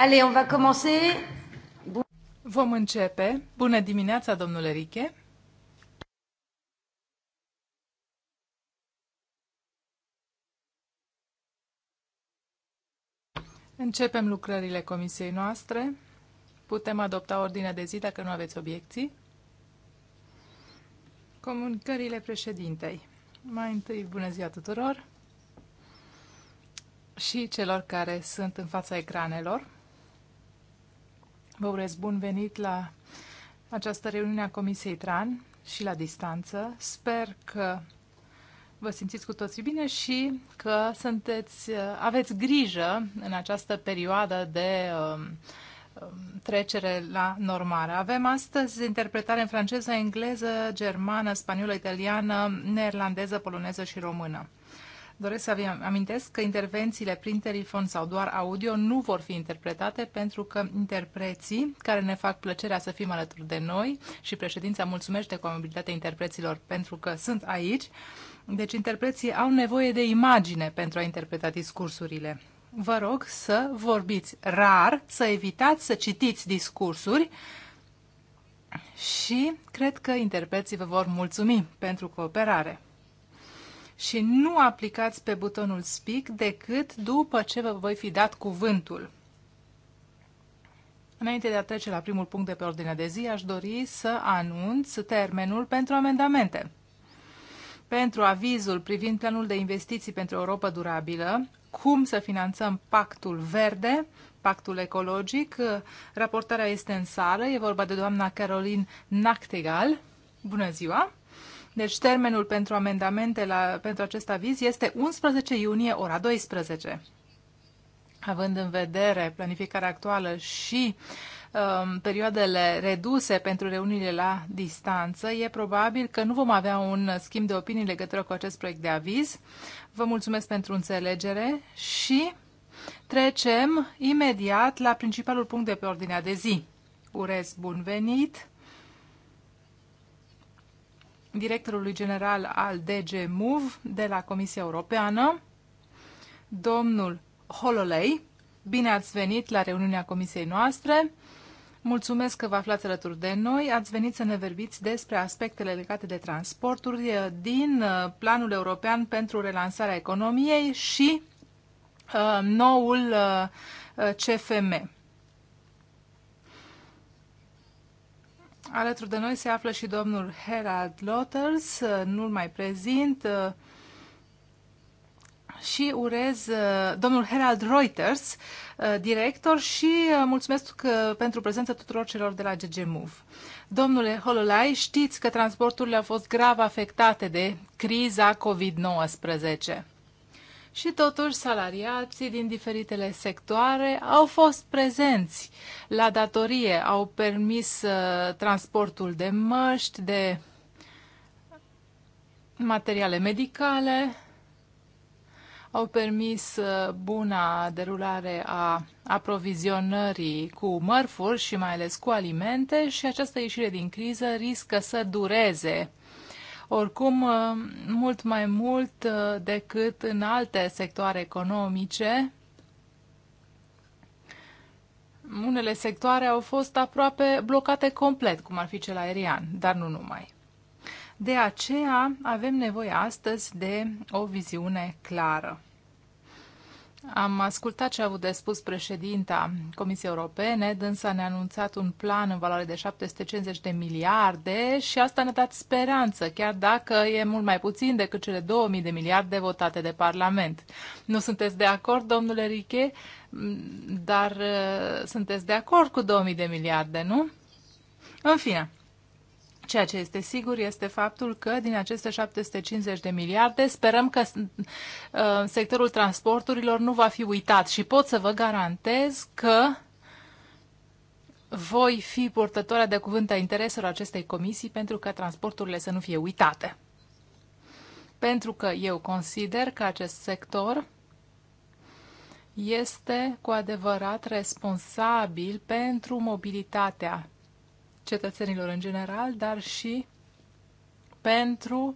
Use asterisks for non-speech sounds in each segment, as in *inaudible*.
Allez, on va commencer. Bun. Vom începe. Bună dimineața, domnule Riche. Începem lucrările comisiei noastre. Putem adopta ordinea de zi dacă nu aveți obiecții. Comunicările președintei. Mai întâi, bună ziua tuturor și celor care sunt în fața ecranelor. Vă urez bun venit la această reuniune a Comisiei TRAN și la distanță. Sper că vă simțiți cu toții bine și că sunteți, aveți grijă în această perioadă de um, um, trecere la normare. Avem astăzi interpretare în franceză, engleză, germană, spaniolă, italiană, neerlandeză, poloneză și română. Doresc să vă amintesc că intervențiile prin telefon sau doar audio nu vor fi interpretate pentru că interpreții care ne fac plăcerea să fim alături de noi și președința mulțumește cu amabilitatea interpreților pentru că sunt aici, deci interpreții au nevoie de imagine pentru a interpreta discursurile. Vă rog să vorbiți rar, să evitați să citiți discursuri și cred că interpreții vă vor mulțumi pentru cooperare și nu aplicați pe butonul Speak decât după ce vă voi fi dat cuvântul. Înainte de a trece la primul punct de pe ordinea de zi, aș dori să anunț termenul pentru amendamente. Pentru avizul privind planul de investiții pentru Europa durabilă, cum să finanțăm pactul verde, pactul ecologic, raportarea este în sală, e vorba de doamna Caroline Nactegal. Bună ziua! Deci termenul pentru amendamente la, pentru acest aviz este 11 iunie, ora 12. Având în vedere planificarea actuală și um, perioadele reduse pentru reuniile la distanță, e probabil că nu vom avea un schimb de opinii în legătură cu acest proiect de aviz. Vă mulțumesc pentru înțelegere și trecem imediat la principalul punct de pe ordinea de zi. Urez bun venit! directorului general al DG MOVE de la Comisia Europeană, domnul Hololei. Bine ați venit la reuniunea comisiei noastre. Mulțumesc că vă aflați alături de noi. Ați venit să ne vorbiți despre aspectele legate de transporturi eh, din eh, Planul European pentru Relansarea Economiei și uh, noul uh, CFM. Alături de noi se află și domnul Herald Lotters, uh, nu-l mai prezint, uh, și urez uh, domnul Herald Reuters, director, și mulțumesc pentru prezența tuturor celor de la GG Move. Domnule Hololai, știți că transporturile au fost grav afectate de criza COVID-19 și totuși salariații din diferitele sectoare au fost prezenți la datorie, au permis uh, transportul de măști, de materiale medicale, au permis uh, buna derulare a aprovizionării cu mărfuri și mai ales cu alimente și această ieșire din criză riscă să dureze oricum uh, mult mai mult uh, decât în alte sectoare economice. Unele sectoare au fost aproape blocate complet, cum ar fi cel aerian, dar nu numai. De aceea avem nevoie astăzi de o viziune clară. Am ascultat ce a avut de spus președinta Comisiei Europene, dânsa ne-a anunțat un plan în valoare de 750 de miliarde și asta ne-a dat speranță, chiar dacă e mult mai puțin decât cele 2000 de miliarde votate de Parlament. Nu sunteți de acord, domnule Riche, mm, dar uh, sunteți de acord cu 2000 de miliarde, nu? În fine, Ceea ce este sigur este faptul că din aceste 750 de miliarde sperăm că uh, sectorul transporturilor nu va fi uitat și pot să vă garantez că voi fi purtătoarea de cuvânt a intereselor acestei comisii pentru ca transporturile să nu fie uitate. Pentru că eu consider că acest sector este cu adevărat responsabil pentru mobilitatea cetățenilor în general, dar și pentru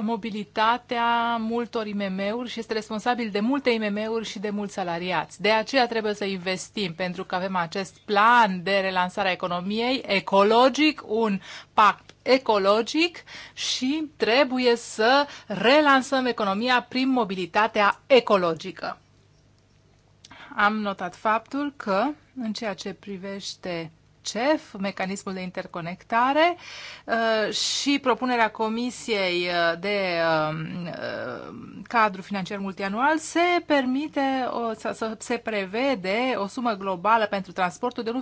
mobilitatea multor IMM-uri și este responsabil de multe IMM-uri și de mulți salariați. De aceea trebuie să investim, pentru că avem acest plan de relansare a economiei ecologic, un pact ecologic și trebuie să relansăm economia prin mobilitatea ecologică. Am notat faptul că, în ceea ce privește CEF, mecanismul de interconectare uh, și propunerea Comisiei uh, de um, uh, cadru financiar multianual se permite, se prevede o sumă globală pentru transportul de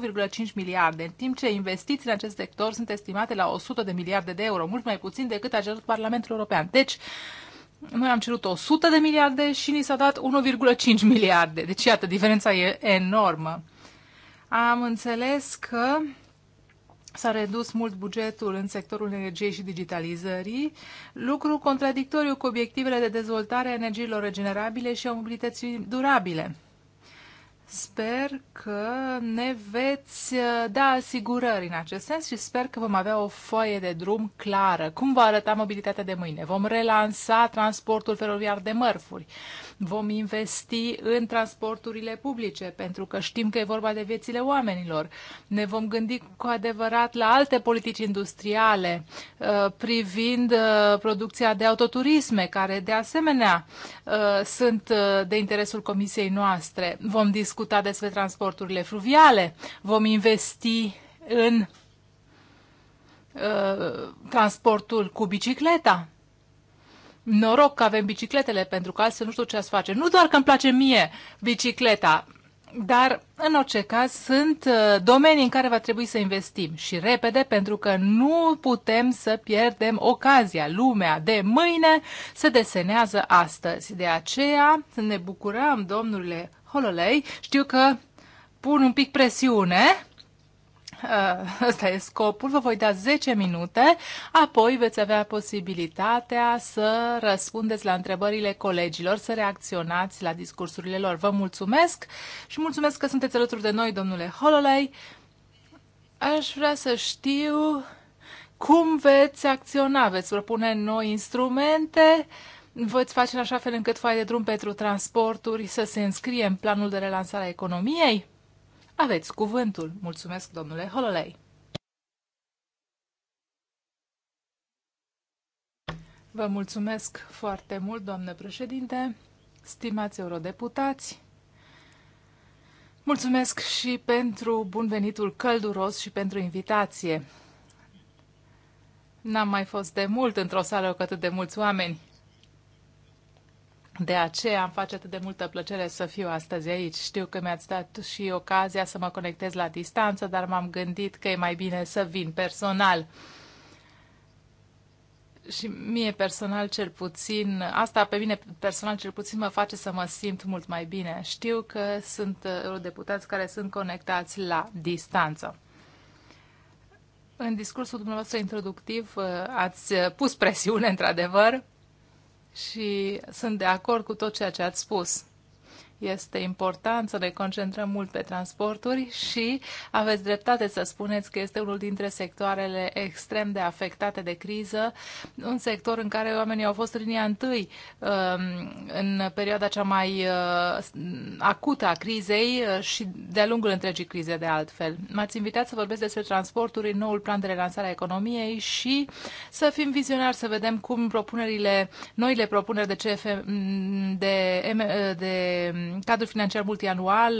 1,5 miliarde, în timp ce investiții în acest sector sunt estimate la 100 de miliarde de euro, mult mai puțin decât a cerut Parlamentul European. Deci, noi am cerut 100 de miliarde și ni s-a dat 1,5 miliarde. Deci, iată, diferența e enormă. Am înțeles că S-a redus mult bugetul în sectorul energiei și digitalizării, lucru contradictoriu cu obiectivele de dezvoltare a energiilor regenerabile și a mobilității durabile. Sper că ne veți uh, da asigurări în acest sens și sper că vom avea o foaie de drum clară. Cum va arăta mobilitatea de mâine? Vom relansa transportul feroviar de mărfuri Vom investi în transporturile publice, pentru că știm că e vorba de viețile oamenilor. Ne vom gândi cu adevărat la alte politici industriale uh, privind uh, producția de autoturisme, care de asemenea uh, sunt de interesul comisiei noastre. Vom discuta despre transporturile fluviale, vom investi în transportul cu bicicleta noroc că avem bicicletele, pentru că altfel nu știu ce ați face. Nu doar că îmi place mie bicicleta, dar, în orice caz, sunt uh, domenii în care va trebui să investim și repede, pentru că nu putem să pierdem ocazia. Lumea de mâine se desenează astăzi. De aceea ne bucurăm, domnule Hololei. Știu că pun un pic presiune, Eh, ăsta e scopul, vă voi da 10 minute, apoi veți avea posibilitatea să răspundeți la întrebările colegilor, să reacționați la discursurile lor. Vă mulțumesc și mulțumesc că sunteți alături de noi, domnule Hololei. Aș vrea să știu cum veți acționa, veți propune noi instrumente, veți face în așa fel încât foaie de drum pentru transporturi să se înscrie în planul de relansare a economiei? Aveți cuvântul. Mulțumesc, domnule Hololei. Vă mulțumesc foarte mult, doamnă președinte, stimați eurodeputați. Mulțumesc și pentru bun venitul călduros și pentru invitație. N-am mai fost de mult într-o sală cu atât de mulți oameni. De aceea îmi face atât de multă plăcere să fiu astăzi aici. Știu că mi-ați dat și ocazia să mă conectez la distanță, dar m-am gândit că e mai bine să vin personal. Și mie personal cel puțin, asta pe mine personal cel puțin mă face să mă simt mult mai bine. Știu că sunt uh, eurodeputați care sunt conectați la distanță. În discursul dumneavoastră introductiv uh, ați pus presiune, într-adevăr, și sunt de acord cu tot ceea ce ați spus. Este important să ne concentrăm mult pe transporturi și aveți dreptate să spuneți că este unul dintre sectoarele extrem de afectate de criză, un sector în care oamenii au fost linia întâi um, în perioada cea mai uh, acută a crizei uh, și de-a lungul întregii crize de altfel. M-ați invitat să vorbesc despre transporturi în noul plan de relansare a economiei și să fim vizionari, să vedem cum propunerile, noile propuneri de CFM, de, de cadrul financiar multianual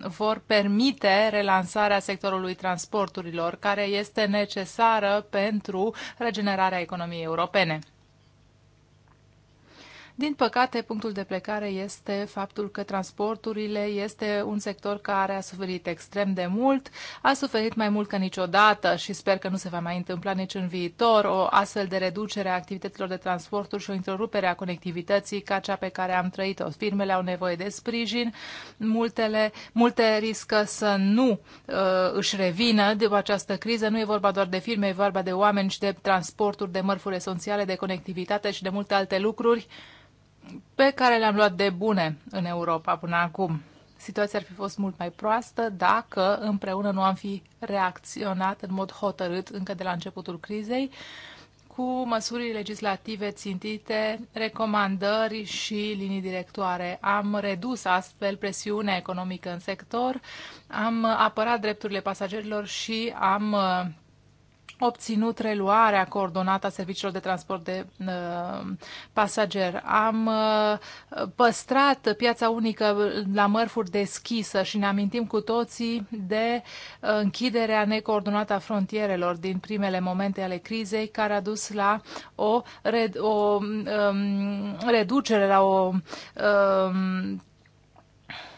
uh, vor permite relansarea sectorului transporturilor, care este necesară pentru regenerarea economiei europene. Din păcate, punctul de plecare este faptul că transporturile este un sector care a suferit extrem de mult, a suferit mai mult ca niciodată și sper că nu se va mai întâmpla nici în viitor o astfel de reducere a activităților de transporturi și o întrerupere a conectivității ca cea pe care am trăit-o. Firmele au nevoie de sprijin, multele, multe riscă să nu uh, își revină de această criză. Nu e vorba doar de firme, e vorba de oameni și de transporturi, de mărfuri esențiale, de conectivitate și de multe alte lucruri pe care le-am luat de bune în Europa până acum. Situația ar fi fost mult mai proastă dacă împreună nu am fi reacționat în mod hotărât încă de la începutul crizei cu măsuri legislative țintite, recomandări și linii directoare. Am redus astfel presiunea economică în sector, am apărat drepturile pasagerilor și am obținut reluarea coordonată a serviciilor de transport de uh, pasager. Am uh, păstrat piața unică la mărfuri deschisă și ne amintim cu toții de uh, închiderea necoordonată a frontierelor din primele momente ale crizei, care a dus la o, red- o um, reducere, la o um,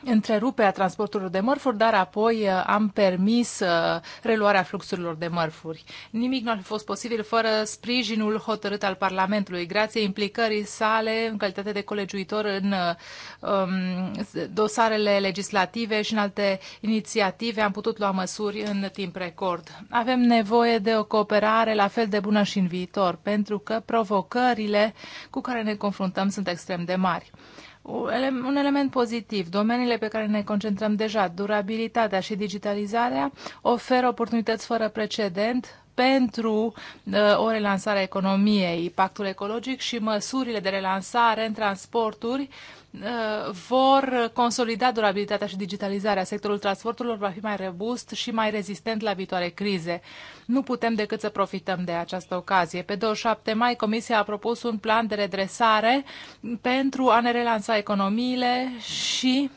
întrerupe transporturilor de mărfuri, dar apoi uh, am permis uh, reluarea fluxurilor de mărfuri. Nimic nu ar fi fost posibil fără sprijinul hotărât al Parlamentului, grație implicării sale în calitate de colegiuitor în uh, um, dosarele legislative și în alte inițiative am putut lua măsuri în timp record. Avem nevoie de o cooperare la fel de bună și în viitor, pentru că provocările cu care ne confruntăm sunt extrem de mari un element pozitiv, domeniile pe care ne concentrăm deja, durabilitatea și digitalizarea, oferă oportunități fără precedent pentru uh, o relansare a economiei, pactul ecologic și măsurile de relansare în transporturi Uh, vor consolida durabilitatea și digitalizarea. Sectorul transporturilor va fi mai robust și mai rezistent la viitoare crize. Nu putem decât să profităm de această ocazie. Pe 27 mai, Comisia a propus un plan de redresare pentru a ne relansa economiile și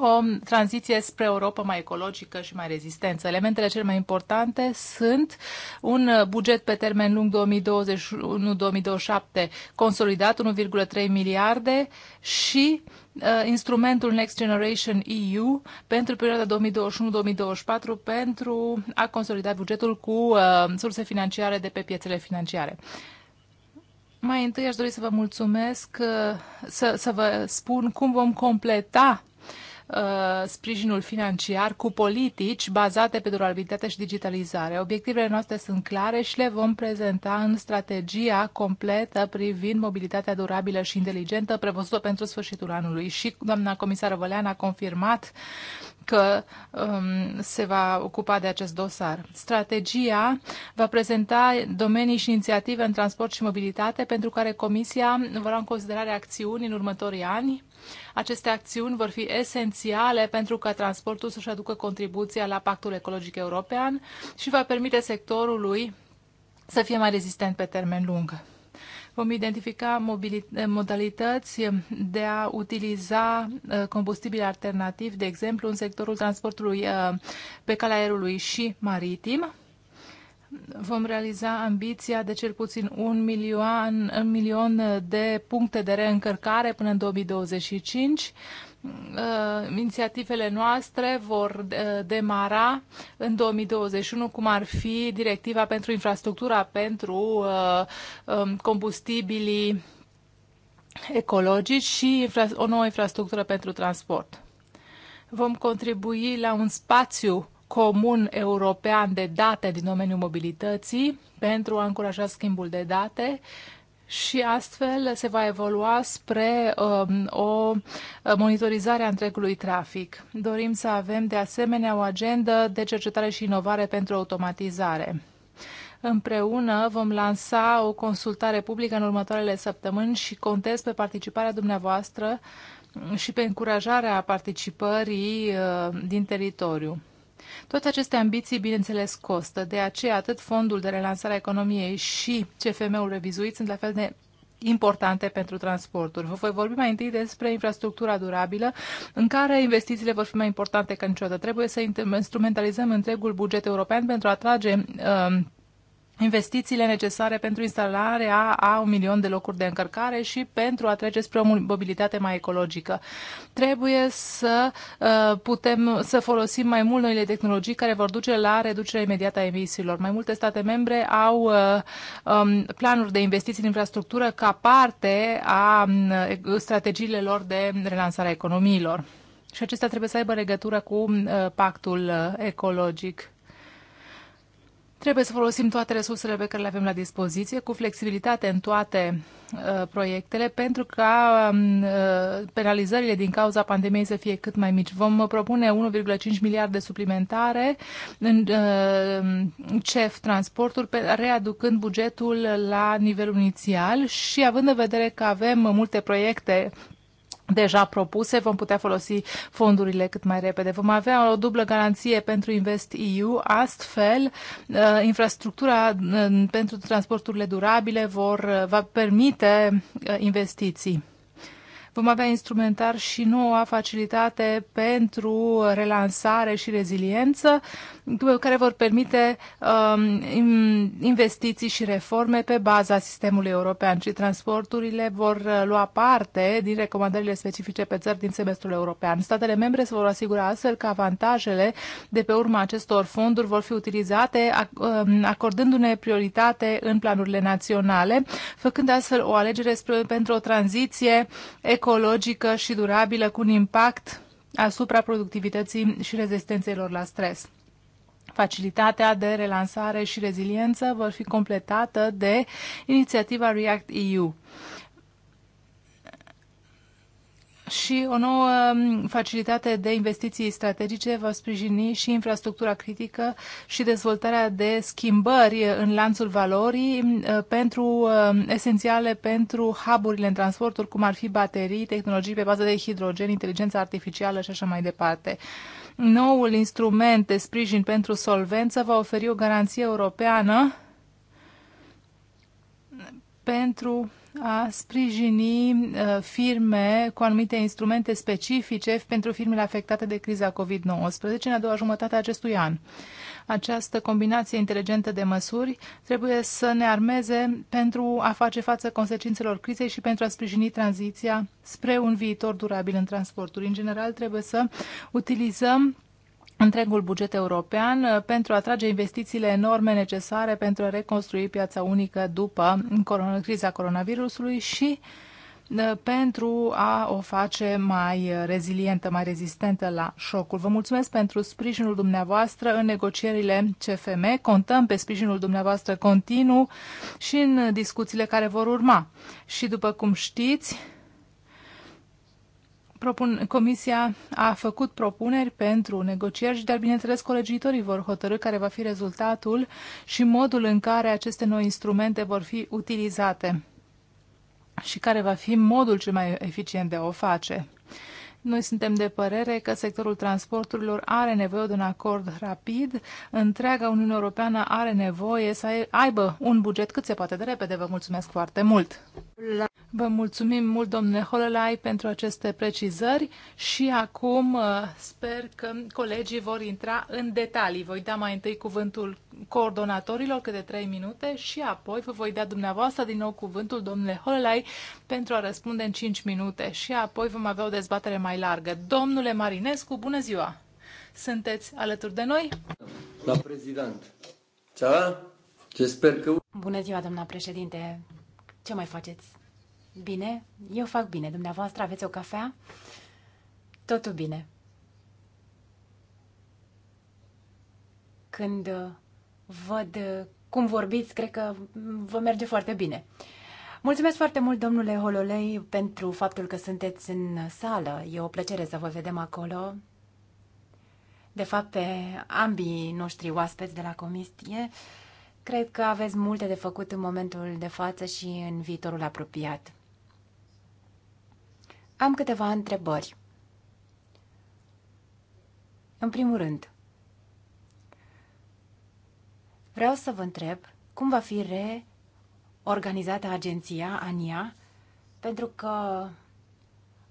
o tranziție spre Europa mai ecologică și mai rezistență. Elementele cele mai importante sunt un buget pe termen lung 2021-2027 consolidat, 1,3 miliarde și uh, instrumentul Next Generation EU pentru perioada 2021-2024 pentru a consolida bugetul cu uh, surse financiare de pe piețele financiare. Mai întâi aș dori să vă mulțumesc, uh, să, să vă spun cum vom completa Uh, sprijinul financiar cu politici bazate pe durabilitate și digitalizare. Obiectivele noastre sunt clare și le vom prezenta în strategia completă privind mobilitatea durabilă și inteligentă prevăzută pentru sfârșitul anului. Și doamna comisară Vălean a confirmat că um, se va ocupa de acest dosar. Strategia va prezenta domenii și inițiative în transport și mobilitate pentru care Comisia va lua în considerare acțiuni în următorii ani. Aceste acțiuni vor fi esențiale pentru ca transportul să-și aducă contribuția la Pactul Ecologic European și va permite sectorului să fie mai rezistent pe termen lung. Vom identifica eh, modalități de a utiliza eh, combustibili alternativi, de exemplu, în sectorul transportului eh, pe calea aerului și maritim. Vom realiza ambiția de cel puțin un milion, un milion de puncte de reîncărcare până în 2025 uh, inițiativele noastre vor uh, demara în 2021, cum ar fi directiva pentru infrastructura pentru uh, um, combustibilii ecologici și o nouă infrastructură pentru transport. Vom contribui la un spațiu comun european de date din domeniul mobilității pentru a încuraja schimbul de date și astfel se va evolua spre um, o monitorizare a întregului trafic. Dorim să avem de asemenea o agendă de cercetare și inovare pentru automatizare. Împreună vom lansa o consultare publică în următoarele săptămâni și contez pe participarea dumneavoastră și pe încurajarea participării uh, din teritoriu. Toate aceste ambiții, bineînțeles, costă. De aceea, atât fondul de relansare a economiei și CFM-ul revizuit sunt la fel de importante pentru transporturi. Vă voi vorbi mai întâi despre infrastructura durabilă, în care investițiile vor fi mai importante ca niciodată. Trebuie să instrumentalizăm întregul buget european pentru a atrage uh, investițiile necesare pentru instalarea a un milion de locuri de încărcare și pentru a trece spre o mobilitate mai ecologică. Trebuie să uh, putem să folosim mai mult noile tehnologii care vor duce la reducerea imediată a emisiilor. Mai multe state membre au uh, um, planuri de investiții în infrastructură ca parte a um, strategiile lor de relansare a economiilor. Și acestea trebuie să aibă legătură cu uh, pactul ecologic. Trebuie să folosim toate resursele pe care le avem la dispoziție, cu flexibilitate în toate uh, proiectele, pentru ca um, uh, penalizările din cauza pandemiei să fie cât mai mici. Vom uh, propune 1,5 miliarde suplimentare în uh, CEF transporturi, pe, readucând bugetul la nivelul inițial și având în vedere că avem multe proiecte deja propuse, vom putea folosi fondurile cât mai repede. Vom avea o dublă garanție pentru Invest EU, astfel uh, infrastructura uh, pentru transporturile durabile vor, uh, va permite investiții. Vom avea instrumentar și noua facilitate pentru relansare și reziliență, care vor permite um, investiții și reforme pe baza sistemului european și transporturile vor uh, lua parte din recomandările specifice pe țări din semestrul european. Statele membre se vor asigura astfel că avantajele de pe urma acestor fonduri vor fi utilizate um, acordându-ne prioritate în planurile naționale, făcând astfel o alegere spre, pentru o tranziție economică ecologică și durabilă cu un impact asupra productivității și rezistențelor la stres. Facilitatea de relansare și reziliență vor fi completată de inițiativa React EU și o nouă um, facilitate de investiții strategice va sprijini și infrastructura critică și dezvoltarea de schimbări în lanțul valorii uh, pentru um, esențiale pentru hub-urile în transporturi, cum ar fi baterii, tehnologii pe bază de hidrogen, inteligența artificială și așa mai departe. Noul instrument de sprijin pentru solvență va oferi o garanție europeană pentru a sprijini uh, firme cu anumite instrumente specifice pentru firmele afectate de criza COVID-19 în a doua jumătate a acestui an. Această combinație inteligentă de măsuri trebuie să ne armeze pentru a face față consecințelor crizei și pentru a sprijini tranziția spre un viitor durabil în transporturi. În general, trebuie să utilizăm întregul buget european uh, pentru a atrage investițiile enorme necesare pentru a reconstrui piața unică după criza coronavirusului și uh, pentru a o face mai uh, rezilientă, mai rezistentă la șocul. Vă mulțumesc pentru sprijinul dumneavoastră în negocierile CFM. Contăm pe sprijinul dumneavoastră continuu și în discuțiile care vor urma. Și după cum știți, propun, Comisia a făcut propuneri pentru negocieri și, dar bineînțeles, colegiitorii vor hotărâ care va fi rezultatul și modul în care aceste noi instrumente vor fi utilizate și care va fi modul cel mai eficient de a o face. Noi suntem de părere că sectorul transporturilor are nevoie de un acord rapid. Întreaga Uniune Europeană are nevoie să aibă un buget cât se poate de repede. Vă mulțumesc foarte mult! Vă mulțumim mult, domnule Hololai, pentru aceste precizări și acum uh, sper că colegii vor intra în detalii. Voi da mai întâi cuvântul coordonatorilor câte trei minute și apoi vă voi da dumneavoastră din nou cuvântul, domnule Hololai, pentru a răspunde în cinci minute și apoi vom avea o dezbatere mai mai largă. Domnule Marinescu, bună ziua! Sunteți alături de noi? La prezident. Ce? Ce sper că... Bună ziua, doamna președinte! Ce mai faceți? Bine? Eu fac bine. Dumneavoastră aveți o cafea? Totul bine. Când văd cum vorbiți, cred că vă merge foarte bine. Mulțumesc foarte mult, domnule Hololei, pentru faptul că sunteți în sală. E o plăcere să vă vedem acolo. De fapt, pe ambii noștri oaspeți de la comisie, cred că aveți multe de făcut în momentul de față și în viitorul apropiat. Am câteva întrebări. În primul rând, vreau să vă întreb cum va fi re organizată agenția, ANIA, pentru că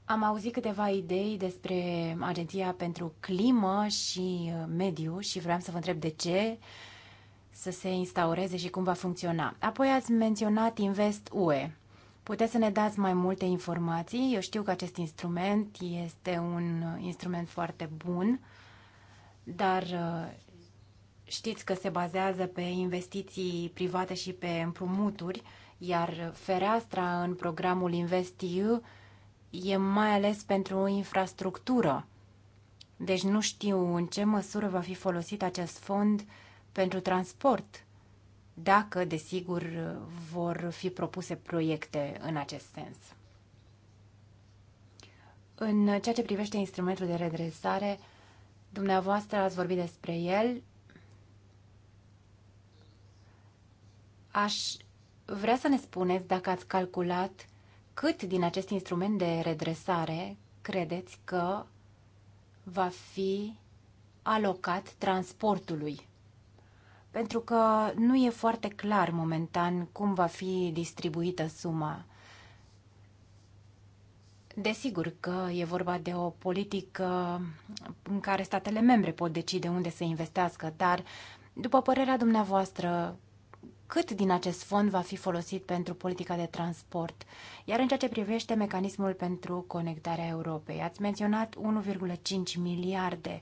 am auzit câteva idei despre Agenția pentru Climă și uh, Mediu și vreau să vă întreb de ce să se instaureze și cum va funcționa. Apoi ați menționat Invest UE. Puteți să ne dați mai multe informații? Eu știu că acest instrument este un uh, instrument foarte bun, dar uh, Știți că se bazează pe investiții private și pe împrumuturi, iar fereastra în programul InvestEU e mai ales pentru infrastructură. Deci nu știu în ce măsură va fi folosit acest fond pentru transport, dacă, desigur, vor fi propuse proiecte în acest sens. În ceea ce privește instrumentul de redresare, dumneavoastră ați vorbit despre el, Aș vrea să ne spuneți dacă ați calculat cât din acest instrument de redresare credeți că va fi alocat transportului. Pentru că nu e foarte clar momentan cum va fi distribuită suma. Desigur că e vorba de o politică în care statele membre pot decide unde să investească, dar, după părerea dumneavoastră, cât din acest fond va fi folosit pentru politica de transport. Iar în ceea ce privește mecanismul pentru conectarea Europei, ați menționat 1,5 miliarde.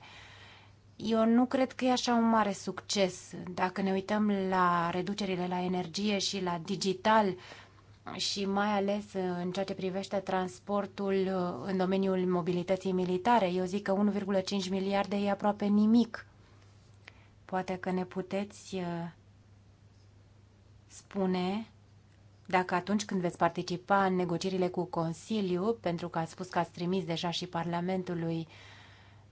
Eu nu cred că e așa un mare succes. Dacă ne uităm la reducerile la energie și la digital, și mai ales în ceea ce privește transportul uh, în domeniul mobilității militare. Eu zic că 1,5 miliarde e aproape nimic. Poate că ne puteți uh, spune dacă atunci când veți participa în negocierile cu Consiliu, pentru că ați spus că ați trimis deja și Parlamentului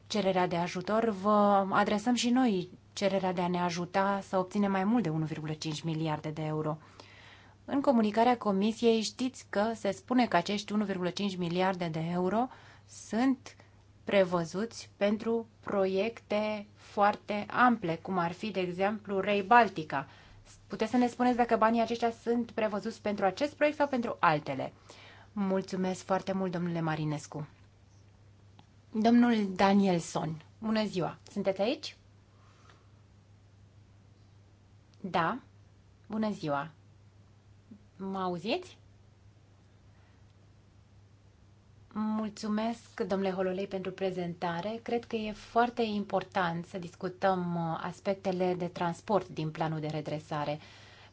cererea de ajutor, vă adresăm și noi cererea de a ne ajuta să obținem mai mult de 1,5 miliarde de euro. În comunicarea Comisiei știți că se spune că acești 1,5 miliarde de euro sunt prevăzuți pentru proiecte foarte ample, cum ar fi, de exemplu, Rei Baltica – Puteți să ne spuneți dacă banii aceștia sunt prevăzuți pentru acest proiect sau pentru altele? Mulțumesc foarte mult, domnule Marinescu. Domnul Danielson, bună ziua! Sunteți aici? Da, bună ziua! Mă auziți? Mulțumesc, domnule Hololei, pentru prezentare. Cred că e foarte important să discutăm uh, aspectele de transport din planul de redresare.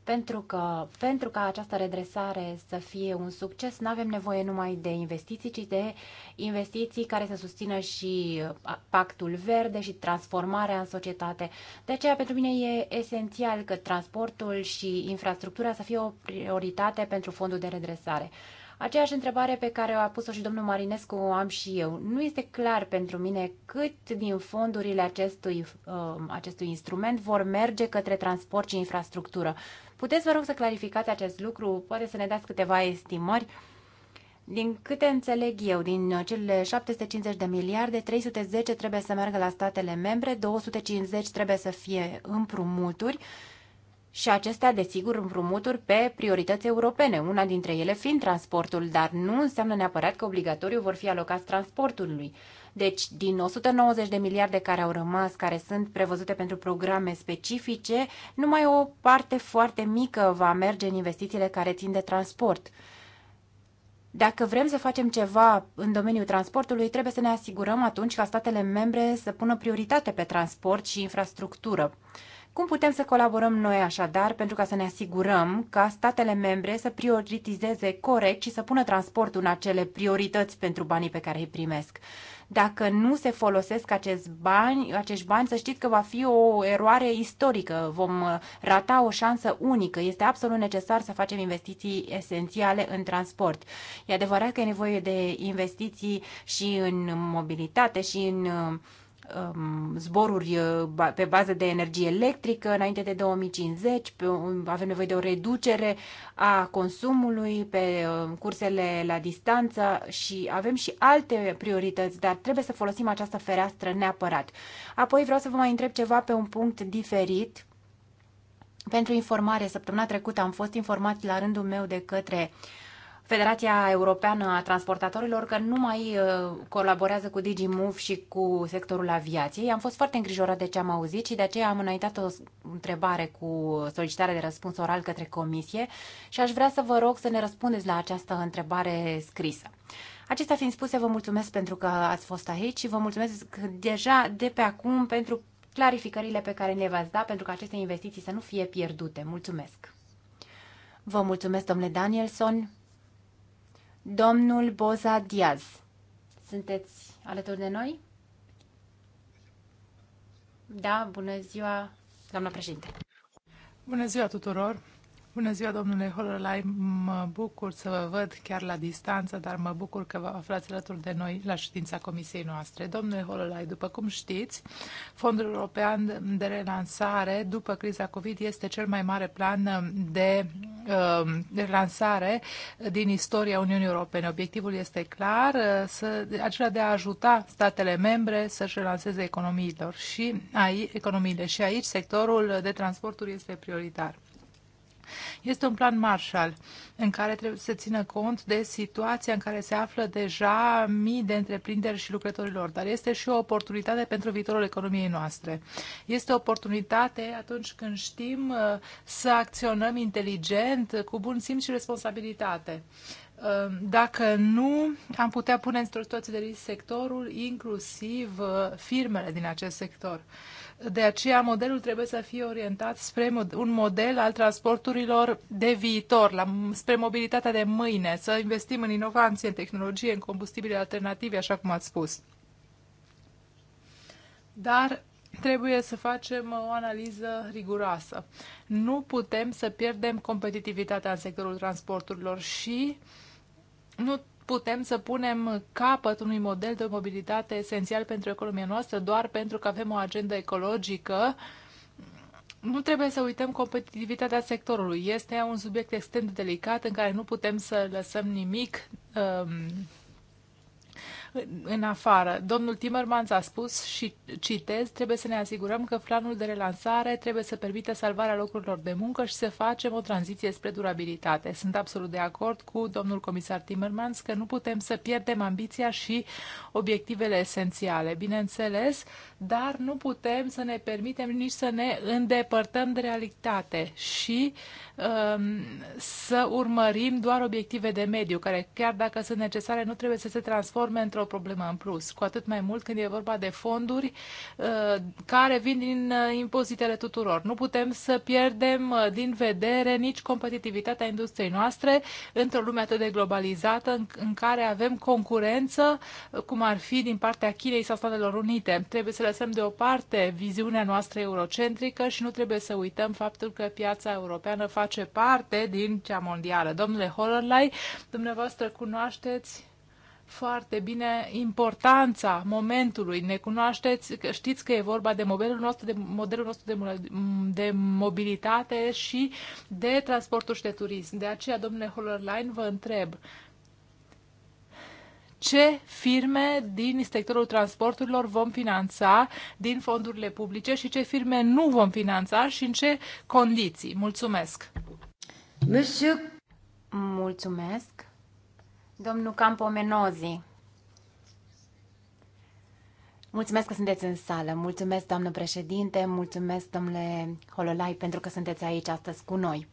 Pentru că, pentru ca această redresare să fie un succes, nu avem nevoie numai de investiții, ci de investiții care să susțină și uh, pactul verde și transformarea în societate. De aceea, pentru mine e esențial că transportul și infrastructura să fie o prioritate pentru fondul de redresare. Aceeași întrebare pe care o a pus-o și domnul Marinescu o am și eu. Nu este clar pentru mine cât din fondurile acestui, uh, acestui instrument vor merge către transport și infrastructură. Puteți, vă rog, să clarificați acest lucru? Poate să ne dați câteva estimări? Din câte înțeleg eu, din cele 750 de miliarde, 310 trebuie să meargă la statele membre, 250 trebuie să fie împrumuturi și acestea, desigur, împrumuturi pe priorități europene, una dintre ele fiind transportul, dar nu înseamnă neapărat că obligatoriu vor fi alocați transportului. Deci, din 190 de miliarde care au rămas, care sunt prevăzute pentru programe specifice, numai o parte foarte mică va merge în investițiile care țin de transport. Dacă vrem să facem ceva în domeniul transportului, trebuie să ne asigurăm atunci ca statele membre să pună prioritate pe transport și infrastructură. Cum putem să colaborăm noi așadar pentru ca să ne asigurăm ca statele membre să prioritizeze corect și să pună transportul în acele priorități pentru banii pe care îi primesc? Dacă nu se folosesc acest bani, acești bani, să știți că va fi o eroare istorică, vom uh, rata o șansă unică. Este absolut necesar să facem investiții esențiale în transport. E adevărat că e nevoie de investiții și în mobilitate și în uh, um, zboruri uh, pe bază de energie electrică înainte de 2050, pe, avem nevoie de o reducere a consumului pe um, cursele la distanță și avem și alte priorități, dar trebuie să folosim această fereastră neapărat. Apoi vreau să vă mai întreb ceva pe un punct diferit. Pentru informare, săptămâna trecută am fost informat la rândul meu de către uh, Federația Europeană a Transportatorilor că nu mai uh, colaborează cu DigiMove și cu sectorul aviației. Am fost foarte îngrijorat de ce am auzit și de aceea am înaintat o întrebare cu solicitare de răspuns oral către comisie și aș vrea să vă rog să ne răspundeți la această întrebare scrisă. Acestea fiind spuse, vă mulțumesc pentru că ați fost aici și vă mulțumesc deja de pe acum pentru clarificările pe care le v-ați da pentru că aceste investiții să nu fie pierdute. Mulțumesc! Vă mulțumesc, domnule Danielson. Domnul Boza Diaz, sunteți alături de noi? Da, bună ziua, doamna președinte. Bună ziua tuturor! Bună ziua, domnule Hololai. Mă bucur să vă văd chiar la distanță, dar mă bucur că vă aflați alături de noi la ședința comisiei noastre. Domnule Hololai, după cum știți, Fondul European de Relansare după criza COVID este cel mai mare plan de um, relansare din istoria Uniunii Europene. Obiectivul este clar, să, acela de a ajuta statele membre să-și relanseze economiilor și ai, economiile. Și aici sectorul de transporturi este prioritar. Este un plan Marshall în care trebuie să țină cont de situația în care se află deja mii de întreprinderi și lucrătorilor, dar este și o oportunitate pentru viitorul economiei noastre. Este o oportunitate atunci când știm uh, să acționăm inteligent, cu bun simț și responsabilitate uh, dacă nu, am putea pune într-o situație de risc sectorul, inclusiv uh, firmele din acest sector. De aceea, modelul trebuie să fie orientat spre un model al transporturilor de viitor, la, spre mobilitatea de mâine, să investim în inovanție, în tehnologie, în combustibile alternative, așa cum ați spus. Dar trebuie să facem o analiză riguroasă. Nu putem să pierdem competitivitatea în sectorul transporturilor și nu putem să punem capăt unui model de mobilitate esențial pentru economia noastră doar pentru că avem o agendă ecologică. Nu trebuie să uităm competitivitatea sectorului. Este un subiect extrem de delicat în care nu putem să lăsăm nimic um, în afară. Domnul Timmermans a spus și citez, trebuie să ne asigurăm că planul de relansare trebuie să permită salvarea locurilor de muncă și să facem o tranziție spre durabilitate. Sunt absolut de acord cu domnul comisar Timmermans că nu putem să pierdem ambiția și obiectivele esențiale. Bineînțeles, uh, dar nu putem să ne permitem nici să ne îndepărtăm de realitate și um, să urmărim doar obiective de mediu, care chiar dacă sunt necesare, nu trebuie să se transforme într-o problemă în plus, cu atât mai mult când e vorba de fonduri uh, care vin din uh, impozitele tuturor. Nu putem să pierdem uh, din vedere nici competitivitatea industriei noastre într-o lume atât de globalizată în, în care avem concurență, uh, cum ar fi din partea Chinei sau Statelor Unite. Trebuie să le lăsăm deoparte viziunea noastră eurocentrică și nu trebuie să uităm faptul că piața europeană face parte din cea mondială. Domnule Hollerlei, dumneavoastră cunoașteți foarte bine importanța momentului. Ne cunoașteți, știți că e vorba de modelul nostru de, modelul nostru de, de mobilitate și de transportul și de turism. De aceea, domnule Hollerlein, vă întreb, ce firme din sectorul transporturilor vom finanța din fondurile publice și ce firme nu vom finanța și în ce condiții. Mulțumesc! Monsieur... Mulțumesc! Domnul Campomenozi. Mulțumesc că sunteți în sală, mulțumesc doamnă președinte, mulțumesc domnule Hololai pentru că sunteți aici astăzi cu noi.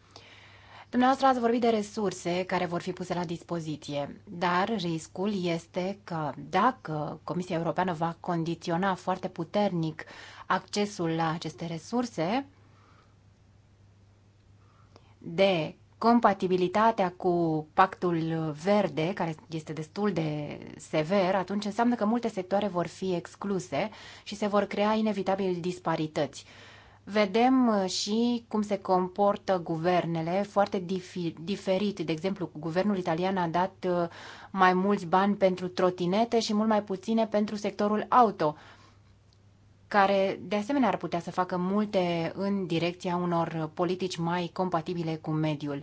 Dumneavoastră ați vorbit de resurse care vor fi puse la dispoziție, dar riscul este că dacă Comisia Europeană va condiționa foarte puternic accesul la aceste resurse de compatibilitatea cu pactul verde, care este destul de sever, atunci înseamnă că multe sectoare vor fi excluse și se vor crea inevitabil disparități. Vedem uh, și cum se comportă guvernele, foarte diferit. De exemplu, guvernul italian a dat uh, mai mulți bani pentru trotinete și mult mai puține pentru sectorul auto, care de asemenea ar putea să facă multe în direcția unor politici mai compatibile cu mediul.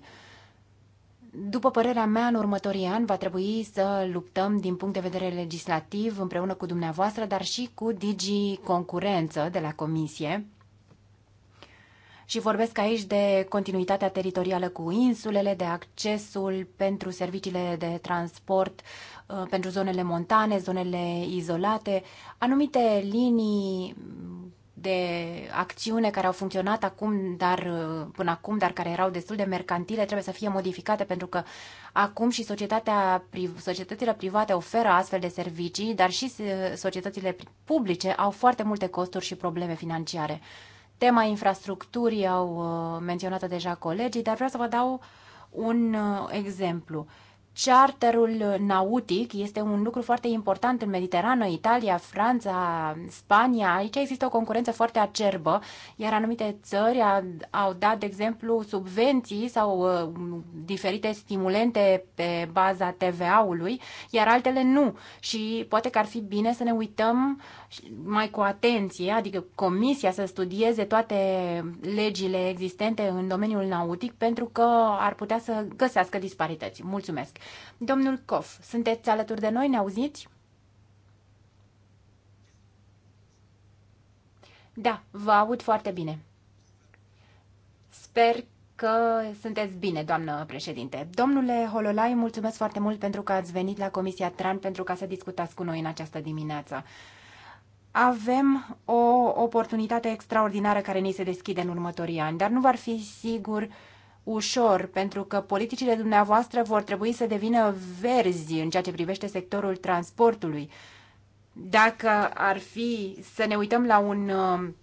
După părerea mea, în următorii ani va trebui să luptăm din punct de vedere legislativ împreună cu dumneavoastră, dar și cu Digi Concurență de la Comisie, și vorbesc aici de continuitatea teritorială cu insulele, de accesul pentru serviciile de transport uh, pentru zonele montane, zonele izolate, anumite linii de acțiune care au funcționat acum, dar uh, până acum, dar care erau destul de mercantile, trebuie să fie modificate pentru că acum și societatea, societățile private oferă astfel de servicii, dar și societățile publice au foarte multe costuri și probleme financiare. Tema infrastructurii au uh, menționat deja colegii, dar vreau să vă dau un uh, exemplu. Charterul nautic este un lucru foarte important în Mediterană, Italia, Franța, Spania. Aici există o concurență foarte acerbă, iar anumite țări au dat, de exemplu, subvenții sau uh, diferite stimulente pe baza TVA-ului, iar altele nu. Și poate că ar fi bine să ne uităm mai cu atenție, adică comisia să studieze toate legile existente în domeniul nautic pentru că ar putea să găsească disparități. Mulțumesc! Domnul Kof, sunteți alături de noi? Ne auziți? Da, vă aud foarte bine. Sper că sunteți bine, doamnă președinte. Domnule Hololai, mulțumesc foarte mult pentru că ați venit la Comisia TRAN pentru ca să discutați cu noi în această dimineață. Avem o oportunitate extraordinară care ni se deschide în următorii ani, dar nu v-ar fi sigur uh, ușor, pentru că politicile dumneavoastră vor trebui să devină verzi în ceea ce privește sectorul transportului. Dacă ar fi să ne uităm la un um,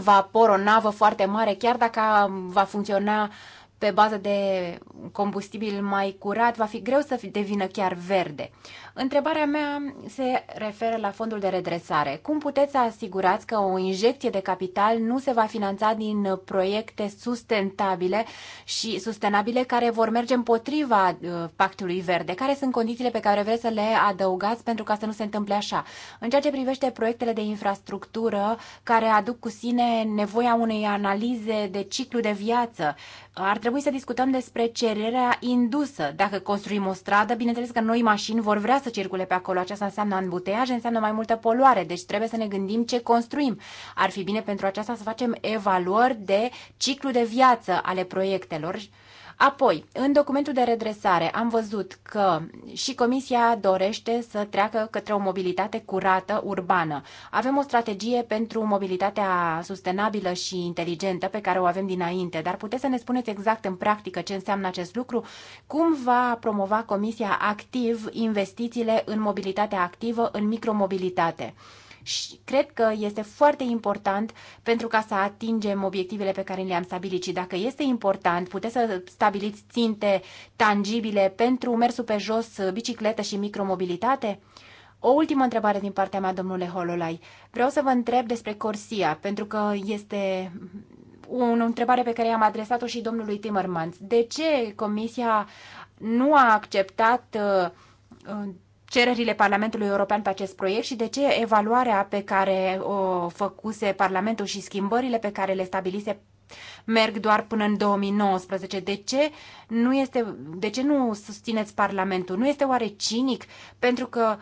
vapor, o navă foarte mare, chiar dacă va funcționa pe bază de combustibil mai curat, va fi greu să devină chiar verde. Întrebarea mea se referă la fondul de redresare. Cum puteți să asigurați că o injecție de capital nu se va finanța din proiecte sustentabile și sustenabile care vor merge împotriva uh, pactului verde? Care sunt condițiile pe care vreți să le adăugați pentru ca să nu se întâmple așa? În ceea ce privește proiectele de infrastructură care aduc cu sine nevoia unei analize de ciclu de viață, ar trebui să discutăm despre cererea indusă. Dacă construim o stradă, bineînțeles că noi mașini vor vrea să să circule pe acolo. Aceasta înseamnă ambuteiaje, înseamnă mai multă poluare, deci trebuie să ne gândim ce construim. Ar fi bine pentru aceasta să facem evaluări de ciclu de viață ale proiectelor Apoi, în documentul de redresare am văzut că și Comisia dorește să treacă către o mobilitate curată urbană. Avem o strategie pentru mobilitatea sustenabilă și inteligentă pe care o avem dinainte, dar puteți să ne spuneți exact în practică ce înseamnă acest lucru? Cum va promova Comisia activ investițiile în mobilitatea activă, în micromobilitate? și cred că este foarte important pentru ca să atingem obiectivele pe care le-am stabilit și dacă este important, puteți să stabiliți ținte tangibile pentru mersul pe jos, bicicletă și micromobilitate? O ultimă întrebare din partea mea, domnule Hololai. Vreau să vă întreb despre Corsia, pentru că este o întrebare pe care i-am adresat-o și domnului Timmermans. De ce Comisia nu a acceptat uh, cererile Parlamentului European pe acest proiect și de ce evaluarea pe care o făcuse Parlamentul și schimbările pe care le stabilise merg doar până în 2019. De ce nu, este, de ce nu susțineți Parlamentul? Nu este oare cinic? Pentru că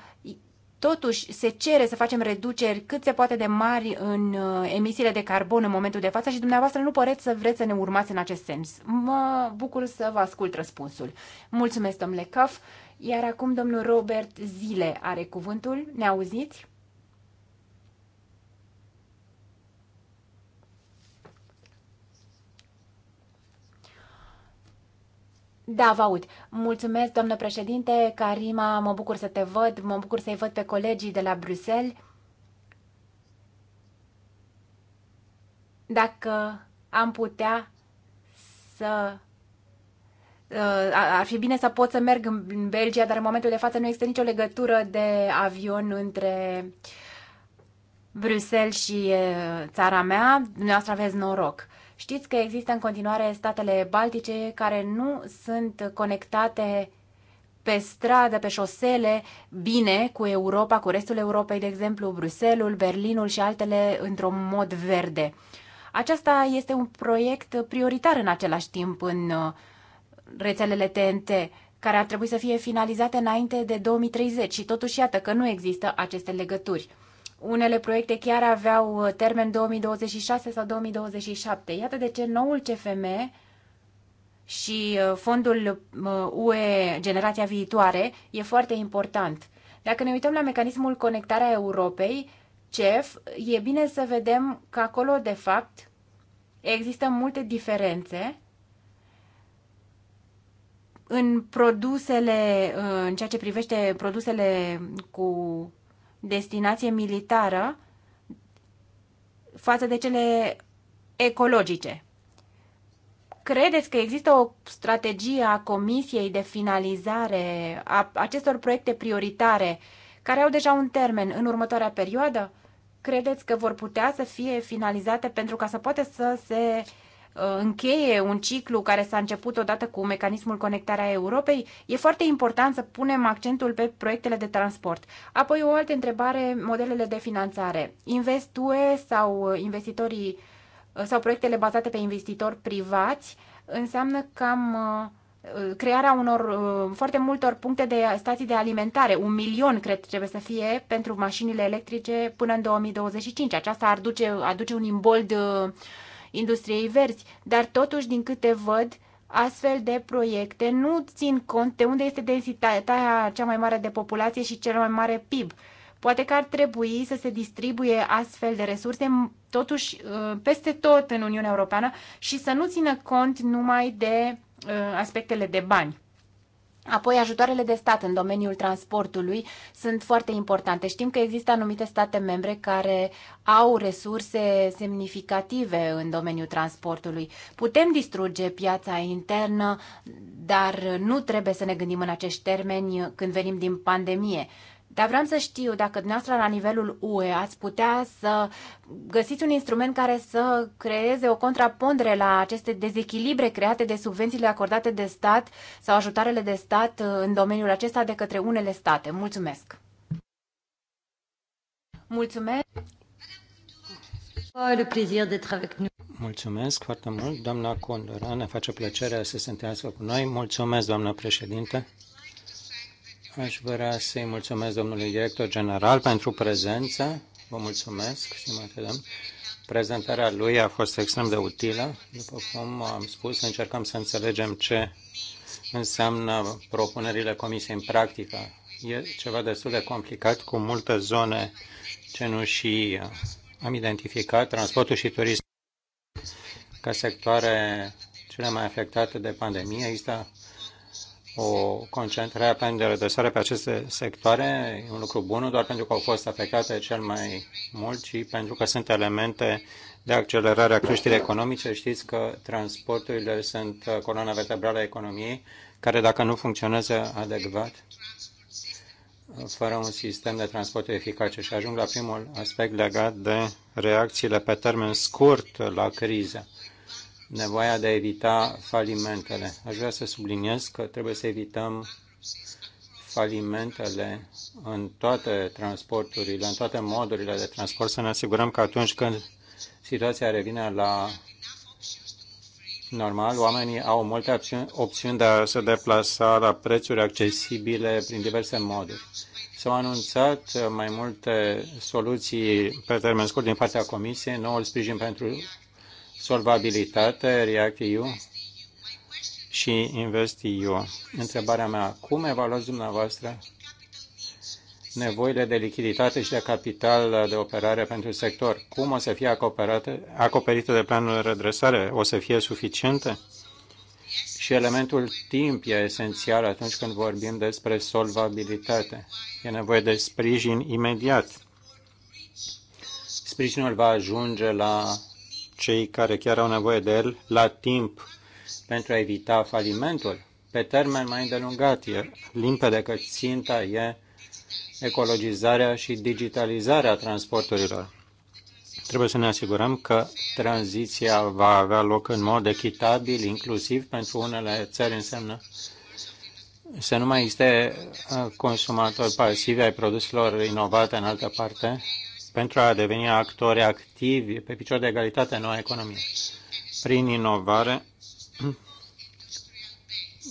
Totuși, se cere să facem reduceri cât se poate de mari în uh, emisiile de carbon în momentul de față și dumneavoastră nu păreți să vreți să ne urmați în acest sens. Mă bucur să vă ascult răspunsul. Mulțumesc, domnule Căf. Iar acum domnul Robert Zile are cuvântul. Ne auziți? Da, vă aud. Mulțumesc, domnule președinte. Karima, mă bucur să te văd, mă bucur să-i văd pe colegii de la Bruxelles. Dacă am putea să Uh, ar fi bine să pot să merg în Belgia, dar în momentul de față nu există nicio legătură de avion între Bruxelles și uh, țara mea. Dumneavoastră aveți noroc. Știți că există în continuare statele baltice care nu sunt conectate pe stradă, pe șosele, bine cu Europa, cu restul Europei, de exemplu, Bruselul, Berlinul și altele, într-un mod verde. Aceasta este un proiect prioritar în același timp în uh, rețelele TNT, care ar trebui să fie finalizate înainte de 2030 și totuși iată că nu există aceste legături. Unele proiecte chiar aveau uh, termen 2026 sau 2027. Iată de ce noul CFM și uh, fondul UE uh, Generația Viitoare e foarte important. Dacă ne uităm la mecanismul conectarea Europei, CEF, e bine să vedem că acolo, de fapt, există multe diferențe în produsele, uh, în ceea ce privește produsele cu destinație militară față de cele ecologice. Credeți că există o strategie a Comisiei de finalizare a acestor proiecte prioritare care au deja un termen în următoarea perioadă? Credeți că vor putea să fie finalizate pentru ca să poată să se Uh, încheie un ciclu care s-a început odată cu mecanismul conectarea Europei, e foarte important să punem accentul pe proiectele de transport. Apoi o altă întrebare, modelele de finanțare. Investue sau uh, investitorii uh, sau proiectele bazate pe investitori privați înseamnă cam crearea unor foarte multor puncte de stații de alimentare. Un milion, cred, trebuie să fie pentru mașinile electrice până în 2025. Aceasta ar duce, aduce un imbold industriei verzi, dar totuși, din câte văd, astfel de proiecte nu țin cont de unde este densitatea cea mai mare de populație și cel mai mare PIB. Poate că ar trebui să se distribuie astfel de resurse totuși uh, peste tot în Uniunea Europeană și să nu țină cont numai de uh, aspectele de bani. Apoi, ajutoarele de stat în domeniul transportului sunt foarte importante. Știm că există anumite state membre care au resurse semnificative în domeniul transportului. Putem distruge piața internă, dar nu trebuie să ne gândim în acești termeni când venim din pandemie. Dar vreau să știu dacă dumneavoastră la nivelul UE ați putea să găsiți un instrument care să creeze o contrapondere la aceste dezechilibre create de subvențiile acordate de stat sau ajutarele de stat uh, în domeniul acesta de către unele state. Mulțumesc! Mulțumesc! Le Mulțumesc foarte mult, doamna Condora. Ne face plăcere să se întâlnească cu noi. Mulțumesc, doamna președinte. Aș vrea să-i mulțumesc domnului director general pentru prezență. Vă mulțumesc, stimate domn. Prezentarea lui a fost extrem de utilă. După cum am spus, încercăm să înțelegem ce înseamnă propunerile comisiei în practică. E ceva destul de complicat, cu multe zone ce nu și uh, am identificat, transportul și turismul ca sectoare cele mai afectate de pandemie. Există o concentrare plan de redresare pe aceste sectoare e un lucru bun, doar pentru că au fost afectate cel mai mult, ci pentru că sunt elemente de accelerare a creșterii economice. Știți că transporturile sunt coloana vertebrală a economiei, care dacă nu funcționează adecvat, fără un sistem de transport eficace. Și ajung la primul aspect legat de reacțiile pe termen scurt la criză nevoia de a evita falimentele. Aș vrea să subliniez că trebuie să evităm falimentele în toate transporturile, în toate modurile de transport, să ne asigurăm că atunci când situația revine la normal, oamenii au multe opțiuni, de a se deplasa la prețuri accesibile prin diverse moduri. S-au anunțat mai multe soluții pe termen scurt din partea Comisiei, noul sprijin pentru solvabilitate, REACT-EU și Invest-EU. Întrebarea mea, cum evaluați dumneavoastră nevoile de lichiditate și de capital de operare pentru sector? Cum o să fie acoperate, acoperite de planul de redresare? O să fie suficiente? Și elementul timp e esențial atunci când vorbim despre solvabilitate. E nevoie de sprijin imediat. Sprijinul va ajunge la cei care chiar au nevoie de el la timp pentru a evita falimentul. Pe termen mai îndelungat e limpede că ținta e ecologizarea și digitalizarea transporturilor. Trebuie să ne asigurăm că tranziția va avea loc în mod echitabil, inclusiv pentru unele țări înseamnă să nu mai existe uh, consumatori pasivi ai produselor inovate în altă parte, pentru a deveni actori activi pe picior de egalitate în noua economie. Prin inovare, *clears throat*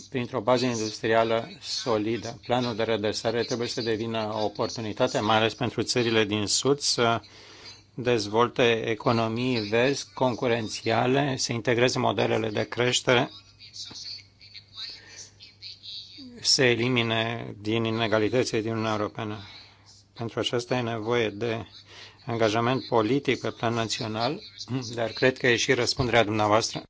printr-o bază industrială solidă. Planul de redresare trebuie să devină o oportunitate, mai ales pentru țările din Sud, să dezvolte economii verzi, concurențiale, să integreze modelele de creștere, să elimine din inegalitățile din Uniunea Europeană. Pentru aceasta e nevoie de angajament politic pe plan național, dar cred că e și răspunderea dumneavoastră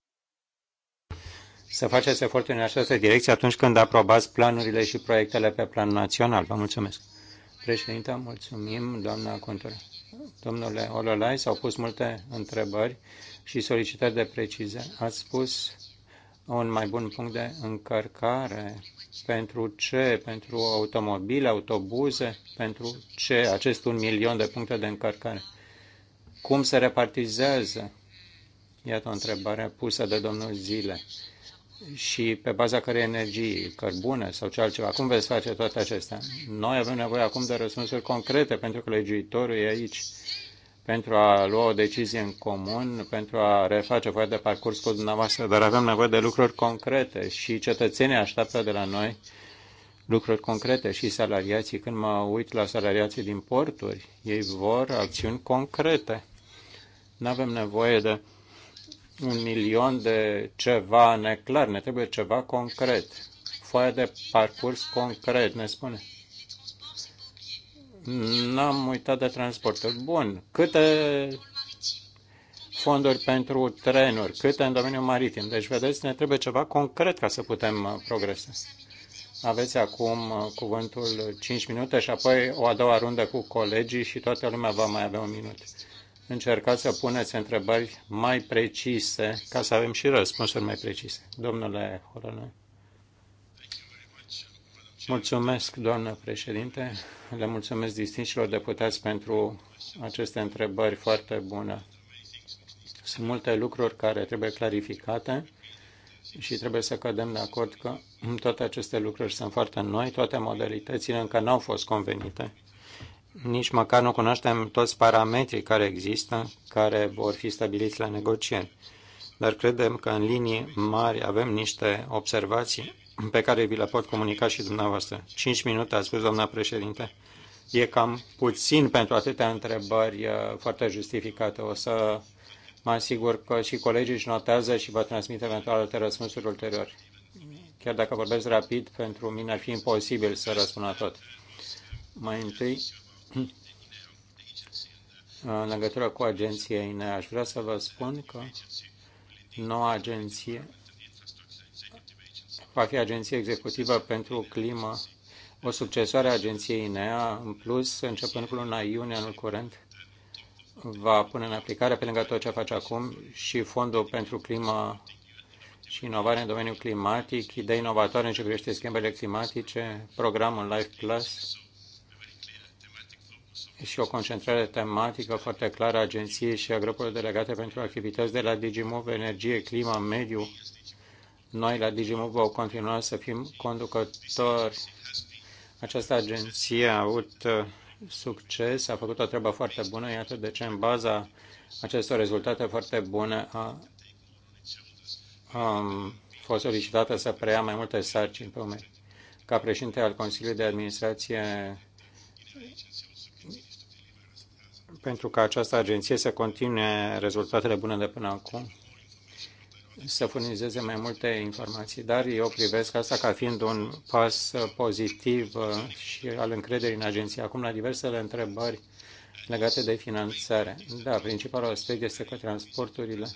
să faceți eforturi în această direcție atunci când aprobați planurile și proiectele pe plan național. Vă mulțumesc. Președinte, mulțumim, doamna Contor. Domnule Ololai, s-au pus multe întrebări și solicitări de precizare. Ați spus un mai bun punct de încărcare. Pentru ce? Pentru automobile, autobuze? Pentru ce acest un milion de puncte de încărcare? Cum se repartizează? Iată o întrebare pusă de domnul Zile. Și pe baza cărei energii, cărbune sau ce altceva, cum veți face toate acestea? Noi avem nevoie acum de răspunsuri concrete, pentru că legiuitorul e aici pentru a lua o decizie în comun, pentru a reface voia de parcurs cu dumneavoastră, dar avem nevoie de lucruri concrete și cetățenii așteaptă de la noi lucruri concrete și salariații. Când mă uit la salariații din porturi, ei vor acțiuni concrete. Nu avem nevoie de un milion de ceva neclar, ne trebuie ceva concret. Foaia de parcurs concret, ne spune N-am uitat de transporturi. Bun. Câte fonduri pentru trenuri, câte în domeniul maritim. Deci, vedeți, ne trebuie ceva concret ca să putem uh, progresa. Aveți acum uh, cuvântul 5 minute și apoi o a doua rundă cu colegii și toată lumea va mai avea un minut. Încercați să puneți întrebări mai precise ca să avem și răspunsuri mai precise. Domnule Horănă. Mulțumesc, doamnă președinte. Le mulțumesc distinșilor deputați pentru aceste întrebări foarte bune. Sunt multe lucruri care trebuie clarificate și trebuie să cădem de acord că toate aceste lucruri sunt foarte noi, toate modalitățile încă nu au fost convenite. Nici măcar nu cunoaștem toți parametrii care există, care vor fi stabiliți la negocieri. Dar credem că în linii mari avem niște observații pe care vi le pot comunica și dumneavoastră. Cinci minute, a spus doamna președinte. E cam puțin pentru atâtea întrebări foarte justificate. O să mă asigur că și colegii își notează și vă transmit eventual alte răspunsuri ulterior. Chiar dacă vorbesc rapid, pentru mine ar fi imposibil să răspund la tot. Mai întâi, în legătură cu agenția INE, aș vrea să vă spun că noua agenție va fi agenție executivă pentru climă, o succesoare a agenției INEA, în plus, începând cu luna iunie anul curent, va pune în aplicare, pe lângă tot ce face acum, și Fondul pentru Climă și Inovare în domeniul climatic, idei inovatoare în ce privește schimbările climatice, programul Life Plus și o concentrare tematică foarte clară a agenției și a grupurilor delegate pentru activități de la DigiMove, energie, clima, mediu, noi la DigiMove vom continua să fim conducători. Această agenție a avut uh, succes, a făcut o treabă foarte bună, iată de ce în baza acestor rezultate foarte bune a, a fost solicitată să preia mai multe sarcini pe umeri. Ca președinte al Consiliului de Administrație pentru ca această agenție să continue rezultatele bune de până acum să furnizeze mai multe informații, dar eu privesc asta ca fiind un pas pozitiv uh, și al încrederii în agenție. Acum, la diversele întrebări legate de finanțare. Da, principalul aspect este că transporturile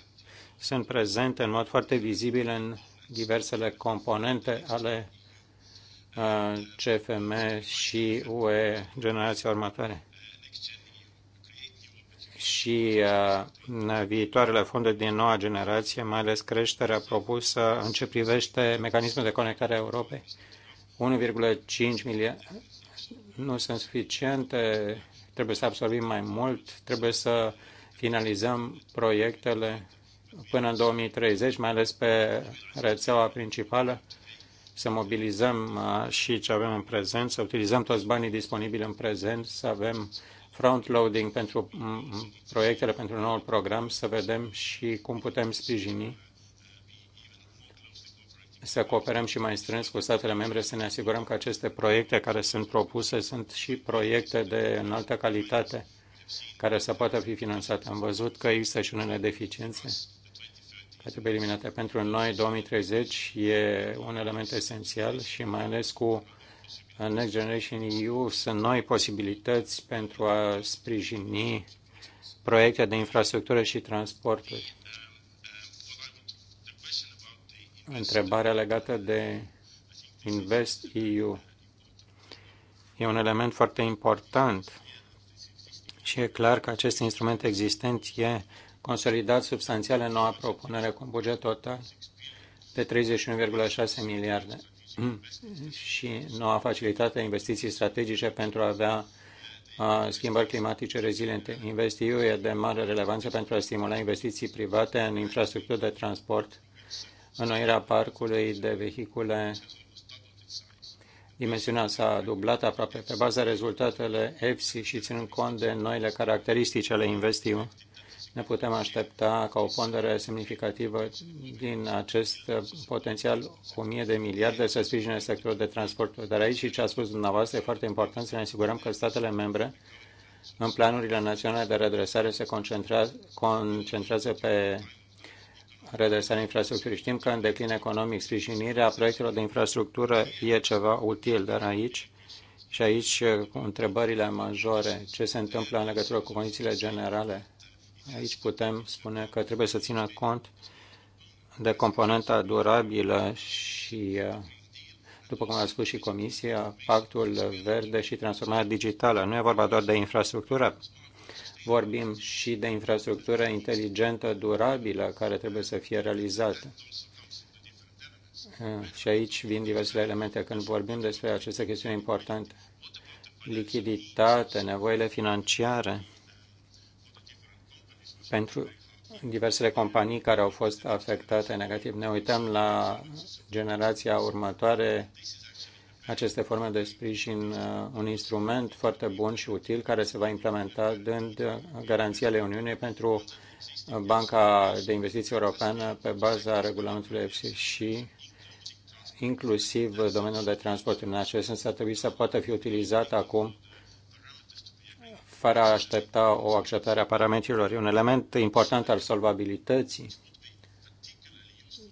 sunt prezente în mod foarte vizibil în diversele componente ale uh, CFM și UE generația următoare și uh, viitoarele fonduri din noua generație, mai ales creșterea propusă în ce privește mecanismul de conectare a Europei. 1,5 miliarde nu sunt suficiente, trebuie să absorbim mai mult, trebuie să finalizăm proiectele până în 2030, mai ales pe rețeaua principală, să mobilizăm uh, și ce avem în prezent, să utilizăm toți banii disponibili în prezent, să avem front-loading pentru proiectele pentru noul program, să vedem și cum putem sprijini să cooperăm și mai strâns cu statele membre, să ne asigurăm că aceste proiecte care sunt propuse sunt și proiecte de înaltă calitate care să poată fi finanțate. Am văzut că există și unele deficiențe care trebuie eliminate. Pentru noi, 2030 e un element esențial și mai ales cu Next Generation EU sunt noi posibilități pentru a sprijini proiecte de infrastructură și transporturi. Întrebarea legată de Invest EU e un element foarte important și e clar că acest instrument existent e consolidat substanțial în noua propunere cu un buget total de 31,6 miliarde și noua facilitate a investiții strategice pentru a avea schimbări climatice reziliente. Investiu e de mare relevanță pentru a stimula investiții private în infrastructură de transport, înnoirea parcului de vehicule. Dimensiunea s-a dublat aproape pe baza rezultatele EFSI și ținând cont de noile caracteristici ale investiu ne putem aștepta ca o pondere semnificativă din acest potențial 1000 de miliarde să sprijine sectorul de transport. Dar aici și ce a spus dumneavoastră e foarte important să ne asigurăm că statele membre în planurile naționale de redresare se concentrează, concentrează pe redresarea infrastructurii. Știm că în declin economic sprijinirea proiectelor de infrastructură e ceva util, dar aici și aici întrebările majore, ce se întâmplă în legătură cu condițiile generale Aici putem spune că trebuie să țină cont de componenta durabilă și, uh, după cum a spus și Comisia, pactul verde și transformarea digitală. Nu e vorba doar de infrastructură, vorbim și de infrastructură inteligentă, durabilă, care trebuie să fie realizată. Uh, și aici vin diversele elemente când vorbim despre aceste chestiuni importante. Lichiditate, nevoile financiare, pentru diversele companii care au fost afectate negativ. Ne uităm la generația următoare, aceste forme de sprijin, uh, un instrument foarte bun și util care se va implementa dând uh, garanția ale Uniunii pentru uh, Banca de Investiții Europeană pe baza regulamentului EFSI și inclusiv domeniul de transport în acest sens ar trebui să poată fi utilizat acum fără a aștepta o acceptare a parametrilor. E un element important al solvabilității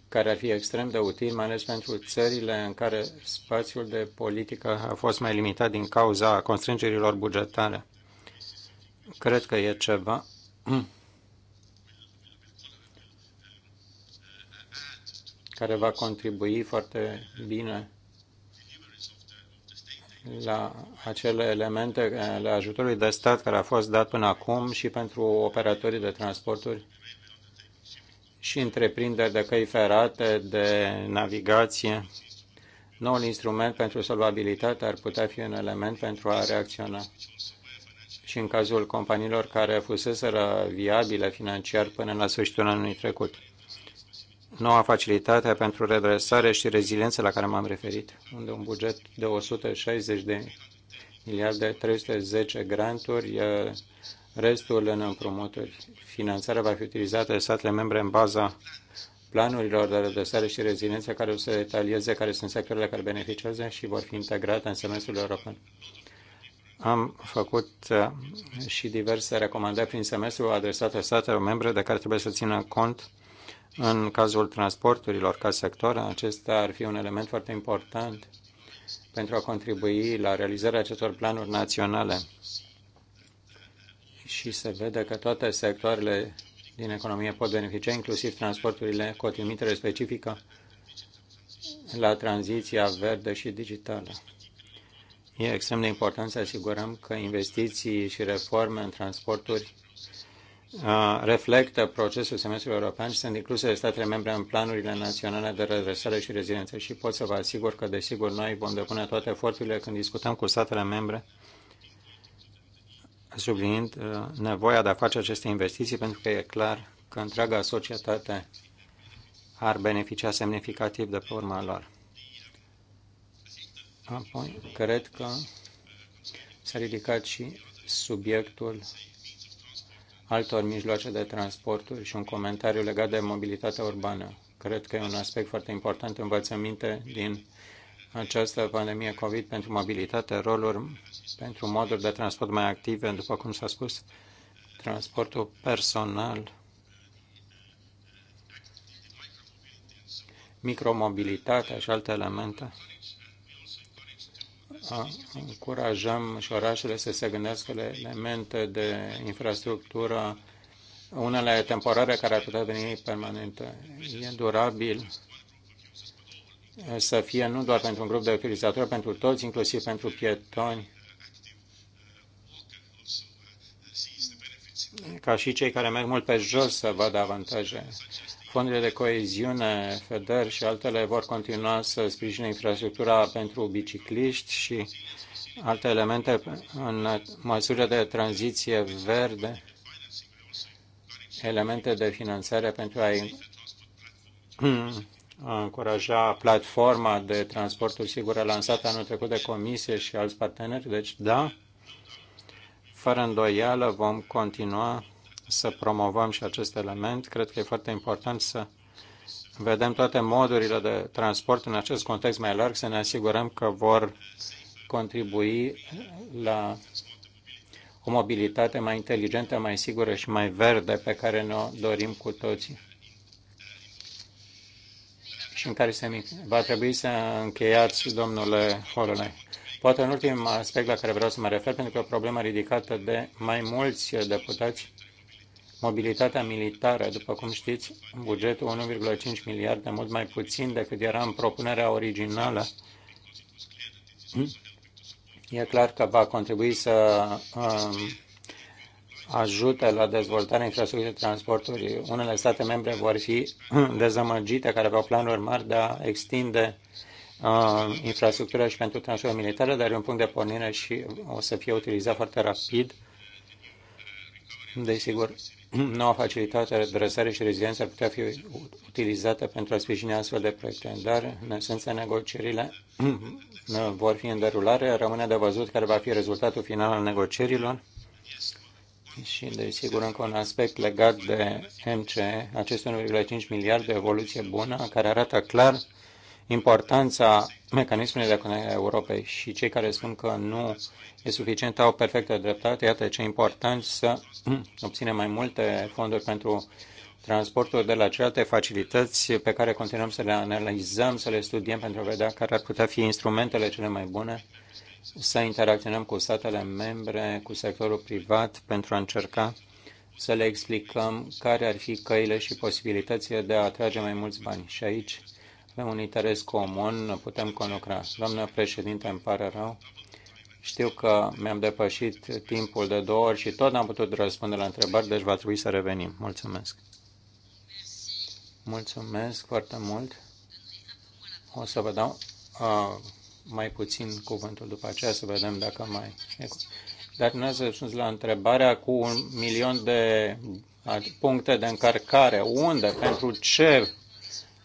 care ar fi extrem de util, mai ales pentru țările în care spațiul de politică a fost mai limitat din cauza constrângerilor bugetare. Cred că e ceva *clears throat* care va contribui foarte bine la acele elemente ale ajutorului de stat care a fost dat până acum și pentru operatorii de transporturi și întreprinderi de căi ferate, de navigație. Noul instrument pentru solvabilitate ar putea fi un element pentru a reacționa. Și în cazul companiilor care fuseseră viabile financiar până la sfârșitul anului trecut noua facilitate pentru redresare și reziliență la care m-am referit, unde un buget de 160 de miliarde, 310 granturi, restul în împrumuturi. Finanțarea va fi utilizată de statele membre în baza planurilor de redresare și reziliență care o să detalieze care sunt sectoarele care beneficiază și vor fi integrate în semestrul european. Am făcut uh, și diverse recomandări prin semestrul adresate statelor membre de care trebuie să țină cont în cazul transporturilor ca sector, acesta ar fi un element foarte important pentru a contribui la realizarea acestor planuri naționale. Și se vede că toate sectoarele din economie pot beneficia, inclusiv transporturile cu o trimitere specifică la tranziția verde și digitală. E extrem de important să asigurăm că investiții și reforme în transporturi reflectă procesul semestrului european și sunt incluse de statele membre în planurile naționale de redresare și reziliență și pot să vă asigur că, desigur, noi vom depune toate eforturile când discutăm cu statele membre sublinind uh, nevoia de a face aceste investiții pentru că e clar că întreaga societate ar beneficia semnificativ de pe urma lor. Apoi, cred că s-a ridicat și subiectul altor mijloace de transporturi și un comentariu legat de mobilitatea urbană. Cred că e un aspect foarte important învățăminte din această pandemie COVID pentru mobilitate, roluri pentru moduri de transport mai active, după cum s-a spus, transportul personal, micromobilitatea și alte elemente încurajăm și orașele să se gândească la elemente de infrastructură, unele temporare care ar putea deveni permanente. E durabil să fie nu doar pentru un grup de utilizatori, pentru toți, inclusiv pentru pietoni, ca și cei care merg mult pe jos să vadă avantaje. Fondurile de coeziune, FEDER și altele vor continua să sprijine infrastructura pentru bicicliști și alte elemente în măsură de tranziție verde, elemente de finanțare pentru a a *clears throat* încuraja platforma de transporturi sigure lansată anul trecut de comisie și alți parteneri. Deci, da, fără îndoială vom continua să promovăm și acest element. Cred că e foarte important să vedem toate modurile de transport în acest context mai larg, să ne asigurăm că vor contribui la o mobilitate mai inteligentă, mai sigură și mai verde pe care ne-o dorim cu toții și în care se mic. Va trebui să încheiați, domnule Holonai. Poate un ultim aspect la care vreau să mă refer, pentru că o problemă ridicată de mai mulți deputați Mobilitatea militară, după cum știți, bugetul 1,5 miliarde, mult mai puțin decât era în propunerea originală. E clar că va contribui să um, ajute la dezvoltarea infrastructurii de transporturi. Unele state membre vor fi *clears throat* dezamăgite, care aveau planuri mari de a extinde uh, infrastructura și pentru transportul militară, dar e un punct de pornire și o să fie utilizat foarte rapid. Desigur, *clears throat* Noua facilitate de adresare și rezidență ar putea fi utilizată pentru a sprijini astfel de proiecte, dar, în esență, negocierile *clears throat* vor fi în derulare. Rămâne de văzut care va fi rezultatul final al negocierilor. Și, desigur, încă un aspect legat de MCE, acest 1,5 miliarde de evoluție bună, care arată clar importanța mecanismului de acționare a Europei și cei care spun că nu e suficient au perfectă dreptate. Iată ce important să *clears throat* obținem mai multe fonduri pentru transportul de la celelalte facilități pe care continuăm să le analizăm, să le studiem pentru a vedea care ar putea fi instrumentele cele mai bune, să interacționăm cu statele membre, cu sectorul privat pentru a încerca să le explicăm care ar fi căile și posibilitățile de a atrage mai mulți bani. Și aici de un interes comun putem conlucra. Doamnă președinte, îmi pare rău. Știu că mi-am depășit timpul de două ori și tot n-am putut răspunde la întrebări, deci va trebui să revenim. Mulțumesc. Mulțumesc foarte mult. O să vă dau uh, mai puțin cuvântul după aceea să vedem dacă mai... Dar nu ați răspuns la întrebarea cu un milion de puncte de încărcare. Unde? Pentru ce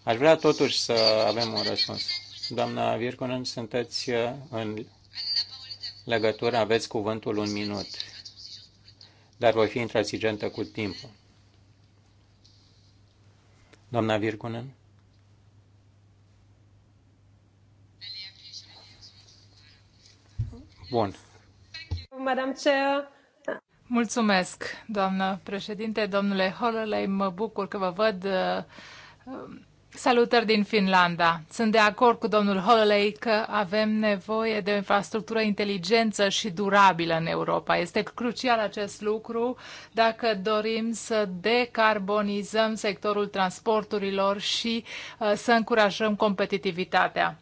Aș vrea totuși să avem un răspuns. Doamna Virconen, sunteți uh, în legătură, aveți cuvântul un minut, dar voi fi intransigentă cu timpul. Doamna Virconen? Bun. Madam Chair, Mulțumesc, doamnă președinte, domnule Holloway, mă bucur că vă văd uh, Salutări din Finlanda. Sunt de acord cu domnul Holloway că avem nevoie de o infrastructură inteligentă și durabilă în Europa. Este crucial acest lucru dacă dorim să decarbonizăm sectorul transporturilor și uh, să încurajăm competitivitatea.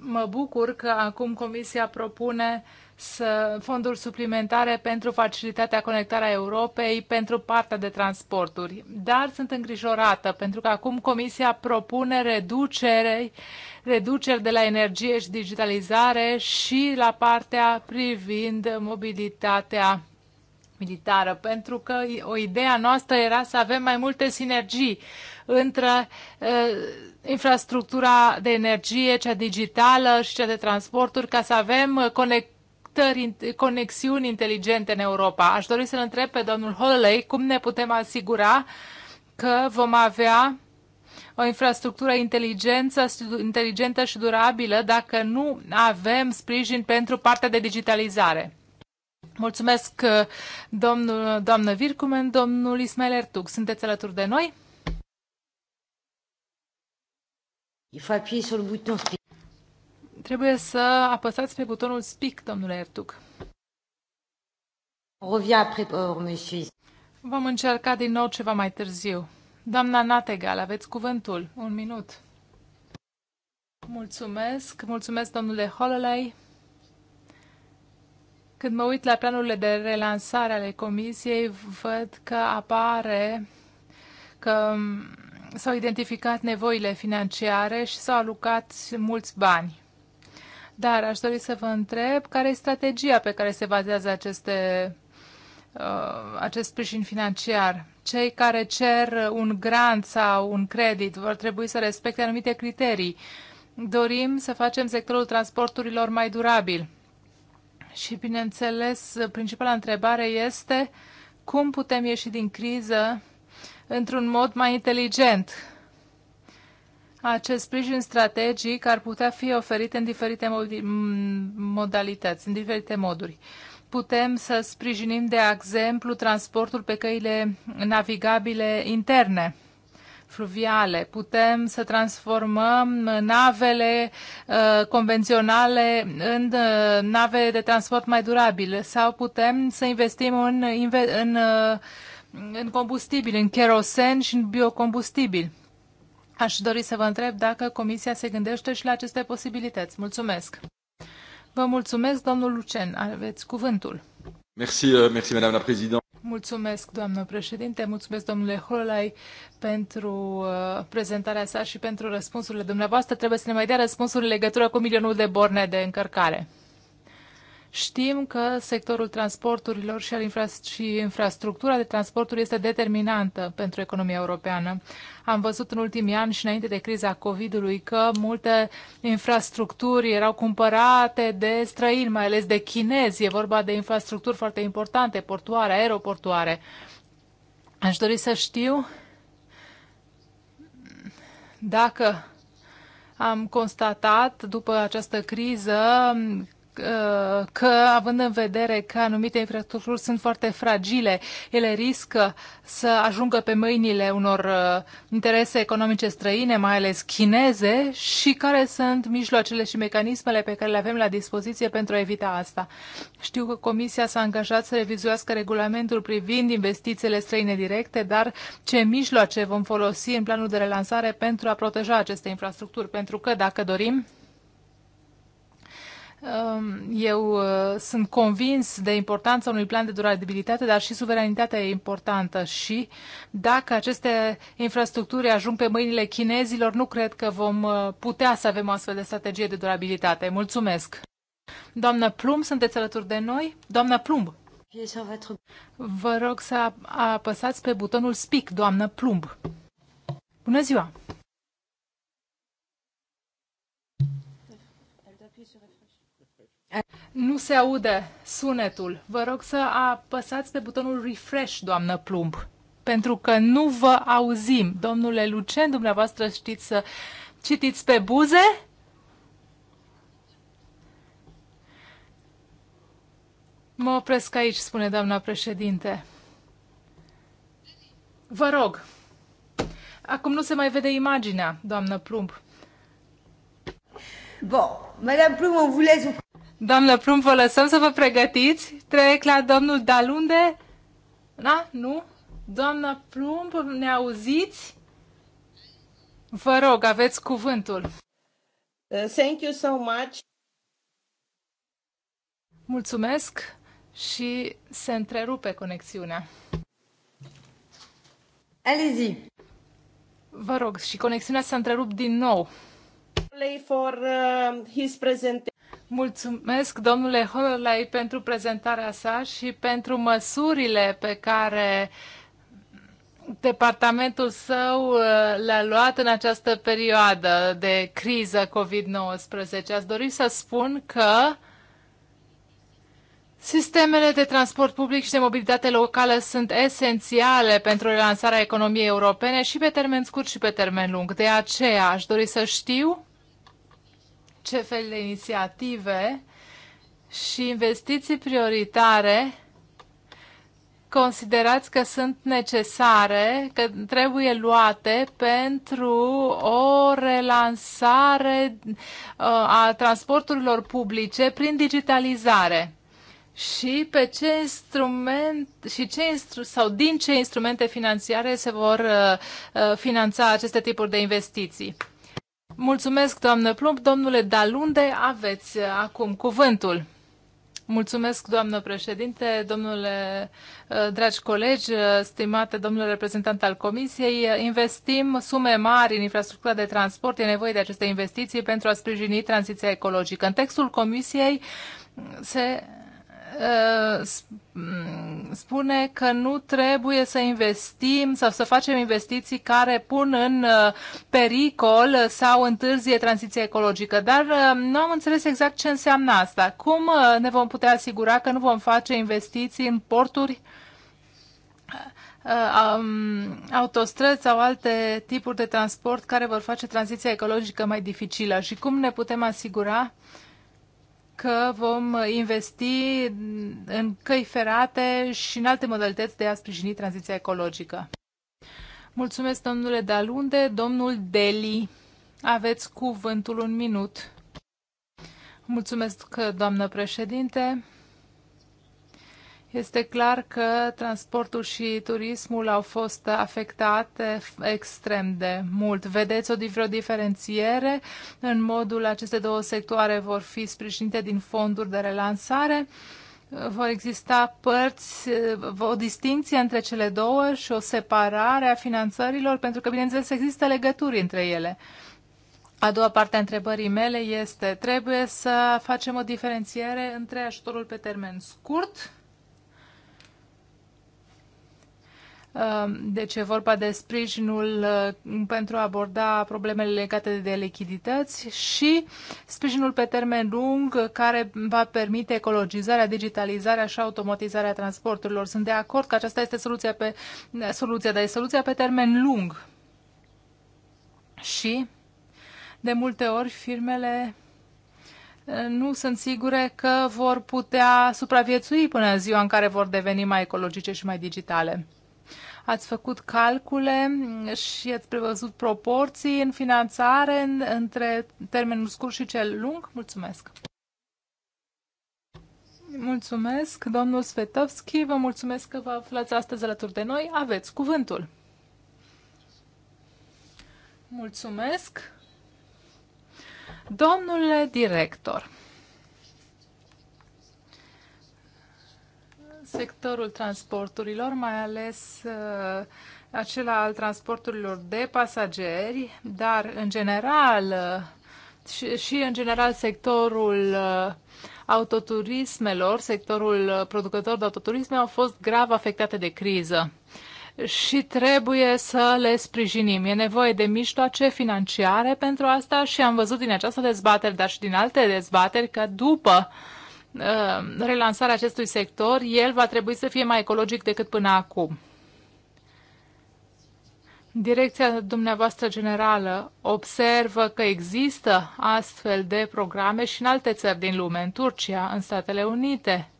Mă bucur că acum Comisia propune uh, să, fonduri suplimentare pentru facilitatea conectarea Europei, pentru partea de transporturi. Dar sunt îngrijorată pentru că acum Comisia propune reducere, reduceri de la energie și digitalizare și la partea privind mobilitatea militară, pentru că o idee a noastră era să avem mai multe sinergii între uh, infrastructura de energie, cea digitală și cea de transporturi, ca să avem conect conectări, conexiuni inteligente în Europa. Aș dori să-l întreb pe domnul Holley cum ne putem asigura că vom avea o infrastructură inteligentă și durabilă dacă nu avem sprijin pentru partea de digitalizare. Mulțumesc, uh, domnul, doamnă Vircumen, domnul Ismail Ertug. Sunteți alături de noi? Il faut appuyer sur le bouton Trebuie să apăsați pe butonul speak, domnule Ertug. Revia Vom încerca din nou ceva mai târziu. Doamna Nategal, aveți cuvântul. Un minut. Mulțumesc. Mulțumesc, domnule Hololei. Când mă uit la planurile de relansare ale comisiei, văd că apare că mm, s-au identificat nevoile financiare și s-au alucat mulți bani. Dar aș dori să vă întreb care e strategia pe care se bazează aceste, uh, acest sprijin financiar. Cei care cer un grant sau un credit vor trebui să respecte anumite criterii. Dorim să facem sectorul transporturilor mai durabil. Și, bineînțeles, principala întrebare este cum putem ieși din criză într-un mod mai inteligent acest sprijin strategic ar putea fi oferit în diferite modalități, în diferite moduri. Putem să sprijinim, de exemplu, transportul pe căile navigabile interne, fluviale. Putem să transformăm navele uh, convenționale în uh, nave de transport mai durabile sau putem să investim în, în, uh, în combustibil, în kerosen și în biocombustibil. Aș dori să vă întreb dacă Comisia se gândește și la aceste posibilități. Mulțumesc! Vă mulțumesc, domnul Lucen. Aveți cuvântul. Merci, euh, merci, madame la Mulțumesc, doamnă președinte, mulțumesc, domnule Hololai, pentru uh, prezentarea sa și pentru răspunsurile dumneavoastră. Trebuie să ne mai dea răspunsuri în legătură cu milionul de borne de încărcare. Știm că sectorul transporturilor și, infra și infrastructura de transporturi este determinantă pentru economia europeană. Am văzut în ultimii ani și înainte de criza COVID-ului că multe infrastructuri erau cumpărate de străini, mai ales de chinezi. E vorba de infrastructuri foarte importante, portoare, aeroportoare. Aș dori să știu dacă am constatat după această criză Uh, că, având în vedere că anumite infrastructuri sunt foarte fragile, ele riscă să ajungă pe mâinile unor uh, interese economice străine, mai ales chineze, și care sunt mijloacele și mecanismele pe care le avem la dispoziție pentru a evita asta. Știu că Comisia s-a angajat să revizuiască regulamentul privind investițiile străine directe, dar ce mijloace vom folosi în planul de relansare pentru a proteja aceste infrastructuri? Pentru că, dacă dorim, Um, eu uh, sunt convins de importanța unui plan de durabilitate, dar și suveranitatea e importantă și dacă aceste infrastructuri ajung pe mâinile chinezilor, nu cred că vom uh, putea să avem o astfel de strategie de durabilitate. Mulțumesc! Doamna Plumb, sunteți alături de noi? Doamna Plumb! Vă rog să apăsați pe butonul Speak, doamnă Plumb. Bună ziua! Nu se aude sunetul. Vă rog să apăsați pe butonul refresh, doamnă Plumb, pentru că nu vă auzim. Domnule Lucen, dumneavoastră știți să citiți pe buze? Mă opresc aici, spune doamna președinte. Vă rog. Acum nu se mai vede imaginea, doamnă Plumb. Bon, Madame Plumb, on vous laisse... Doamnă Prum, vă lăsăm să vă pregătiți. Trec la domnul Dalunde. Da? Nu? Doamnă Prum ne auziți? Vă rog, aveți cuvântul. Uh, thank you so much. Mulțumesc și se întrerupe conexiunea. allez Vă rog, și conexiunea s-a întrerupt din nou. Play For uh, his presentation. Mulțumesc, domnule Hololei, pentru prezentarea sa și pentru măsurile pe care departamentul său uh, le-a luat în această perioadă de criză COVID-19. Aș dori să spun că Sistemele de transport public și de mobilitate locală sunt esențiale pentru relansarea economiei europene și pe termen scurt și pe termen lung. De aceea aș dori să știu ce fel de inițiative și investiții prioritare considerați că sunt necesare, că trebuie luate pentru o relansare uh, a transporturilor publice prin digitalizare? Și pe ce instrument și ce instru, sau din ce instrumente financiare se vor uh, uh finanța aceste tipuri de investiții? Mulțumesc, doamnă Plumb. Domnule Dalunde, aveți uh, acum cuvântul. Mulțumesc, doamnă președinte, domnule, uh, dragi colegi, uh, stimate domnule reprezentant al Comisiei. Investim sume mari în infrastructura de transport. E nevoie de aceste investiții pentru a sprijini tranziția ecologică. În textul Comisiei se Uh, spune că nu trebuie să investim sau să facem investiții care pun în uh, pericol sau întârzie tranziția ecologică. Dar uh, nu am înțeles exact ce înseamnă asta. Cum ne vom putea asigura că nu vom face investiții în porturi um, autostrăzi sau alte tipuri de transport care vor face tranziția ecologică mai dificilă și cum ne putem asigura că vom investi în căi ferate și în alte modalități de a sprijini tranziția ecologică. Mulțumesc, domnule Dalunde. Domnul Deli, aveți cuvântul un minut. Mulțumesc, doamnă președinte. Este clar că transportul și turismul au fost afectate extrem de mult. Vedeți o, vreo diferențiere în modul aceste două sectoare vor fi sprijinite din fonduri de relansare? Vor exista părți, o distinție între cele două și o separare a finanțărilor, pentru că, bineînțeles, există legături între ele. A doua parte a întrebării mele este, trebuie să facem o diferențiere între ajutorul pe termen scurt Um, deci e vorba de sprijinul uh, pentru a aborda problemele legate de lichidități și sprijinul pe termen lung care va permite ecologizarea, digitalizarea și automatizarea transporturilor. Sunt de acord că aceasta este soluția, pe, soluția dar e soluția pe termen lung. Și de multe ori firmele uh, nu sunt sigure că vor putea supraviețui până în ziua în care vor deveni mai ecologice și mai digitale. Ați făcut calcule mm, și ați prevăzut proporții în finanțare între termenul scurt și cel lung? Mulțumesc! Mulțumesc, domnul Svetovski, vă mulțumesc că vă aflați astăzi alături de noi. Aveți cuvântul. Mulțumesc. Domnule director, sectorul transporturilor, mai ales uh, acela al transporturilor de pasageri, dar în general uh, și, și în general sectorul uh, autoturismelor, sectorul producător de autoturisme au fost grav afectate de criză și trebuie să le sprijinim. E nevoie de mijloace financiare pentru asta și am văzut din această dezbatere, dar și din alte dezbateri, că după uh, Uh, relansarea acestui sector, el va trebui să fie mai ecologic decât până acum. Direcția dumneavoastră generală observă că există astfel de programe și în alte țări din lume, în Turcia, în Statele Unite,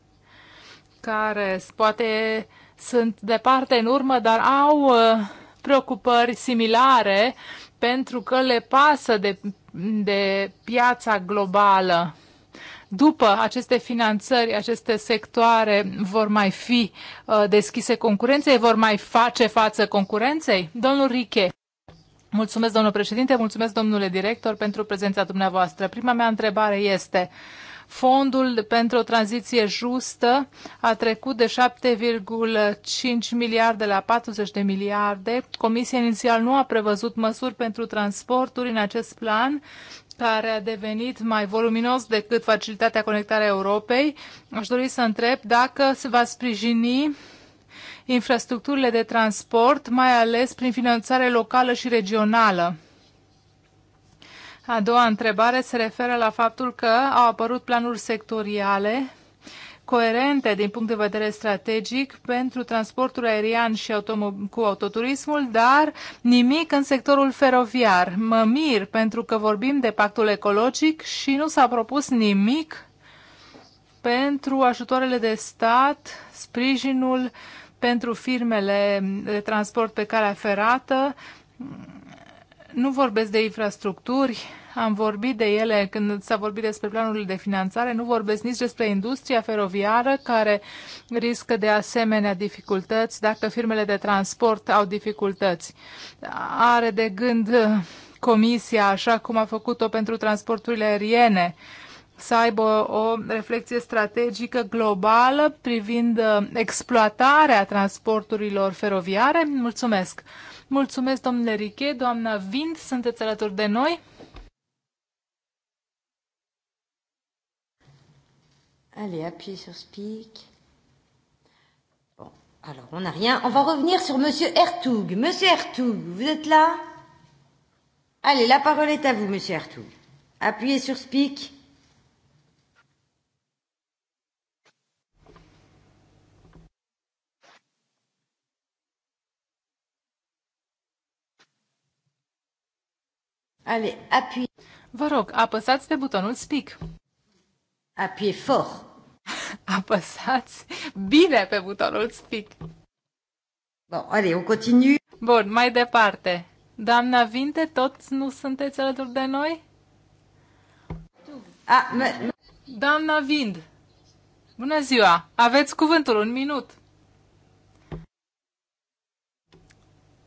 care poate sunt departe în urmă, dar au uh, preocupări similare pentru că le pasă de, de piața globală după aceste finanțări, aceste sectoare vor mai fi uh, deschise concurenței, vor mai face față concurenței? Domnul Riche. Mulțumesc, domnul președinte, mulțumesc, domnule director, pentru prezența dumneavoastră. Prima mea întrebare este, Fondul pentru o tranziție justă a trecut de 7,5 miliarde la 40 de miliarde. Comisia inițial nu a prevăzut măsuri pentru transporturi în acest plan, care a devenit mai voluminos decât facilitatea conectarea Europei. Aș dori să întreb dacă se va sprijini infrastructurile de transport, mai ales prin finanțare locală și regională. A doua întrebare se referă la faptul că au apărut planuri sectoriale coerente din punct de vedere strategic pentru transportul aerian și automo- cu autoturismul, dar nimic în sectorul feroviar. Mă mir pentru că vorbim de pactul ecologic și nu s-a propus nimic pentru ajutoarele de stat, sprijinul pentru firmele de transport pe calea ferată. Nu vorbesc de infrastructuri, am vorbit de ele când s-a vorbit despre planul de finanțare, nu vorbesc nici despre industria feroviară care riscă de asemenea dificultăți dacă firmele de transport au dificultăți. Are de gând uh, comisia, așa cum a făcut-o pentru transporturile aeriene, să aibă o reflexie strategică globală privind uh, exploatarea transporturilor feroviare? Mulțumesc! Mulțumesc, domnule Riche, doamna Vind, sunteți alături de noi? Allez, appuyez sur Speak. Bon, alors on n'a rien. On va revenir sur Monsieur Hertoug. Monsieur Hertoug, vous êtes là Allez, la parole est à vous, Monsieur Hertoug. Appuyez sur Speak. Allez, appuyez. Vă rog, apăsați pe butonul Speak. Apie fort. *laughs* Apăsați bine pe butonul speak. Bon, allez, on continue. Bun, mai departe. Doamna Vinte, tot nu sunteți alături de noi? A, ah, me- Doamna Vind, bună ziua! Aveți cuvântul, un minut.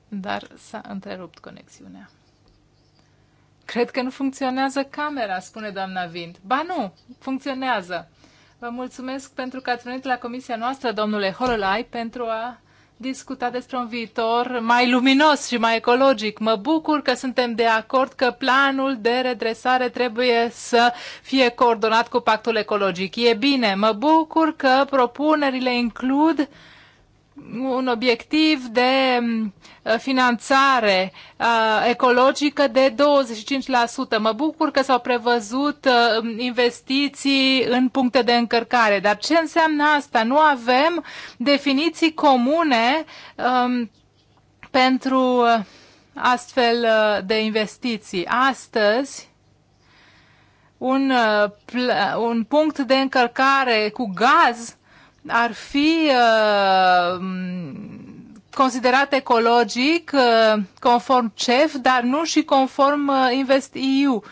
Dar s-a întrerupt conexiunea. Cred că nu funcționează camera, spune doamna Vint. Ba nu, funcționează. Vă mulțumesc pentru că ați venit la comisia noastră, domnule Hololai, pentru a discuta despre un viitor mai luminos și mai ecologic. Mă bucur că suntem de acord că planul de redresare trebuie să fie coordonat cu pactul ecologic. E bine, mă bucur că propunerile includ un obiectiv de mm, finanțare ecologică de 25%. Mă bucur că s-au prevăzut mm, investiții în puncte de încărcare, dar ce înseamnă asta? Nu avem definiții comune mm, pentru astfel de investiții. Astăzi, un, un punct de încărcare cu gaz ar fi uh, considerat ecologic uh, conform CEF, dar nu și conform uh, InvestEU.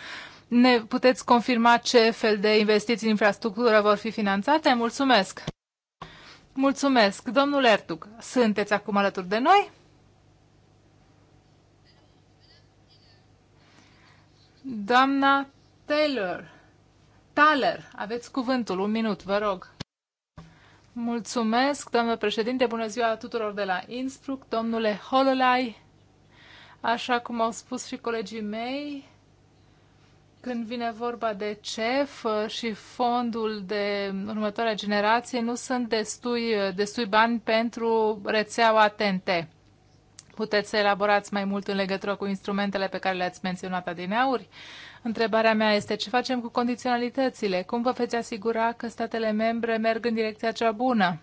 Ne puteți confirma ce fel de investiții în infrastructură vor fi finanțate? Mulțumesc! Mulțumesc! Domnul Ertug, sunteți acum alături de noi? Doamna Taylor, Taler, aveți cuvântul, un minut, vă rog. Mulțumesc, doamnă președinte, bună ziua tuturor de la Innsbruck, domnule Hololai, așa cum au spus și colegii mei, când vine vorba de CEF și fondul de următoarea generație, nu sunt destui, destui bani pentru rețeaua TNT. Puteți să elaborați mai mult în legătură cu instrumentele pe care le-ați menționat adineauri? Întrebarea mea este ce facem cu condiționalitățile? Cum vă veți asigura că statele membre merg în direcția cea bună?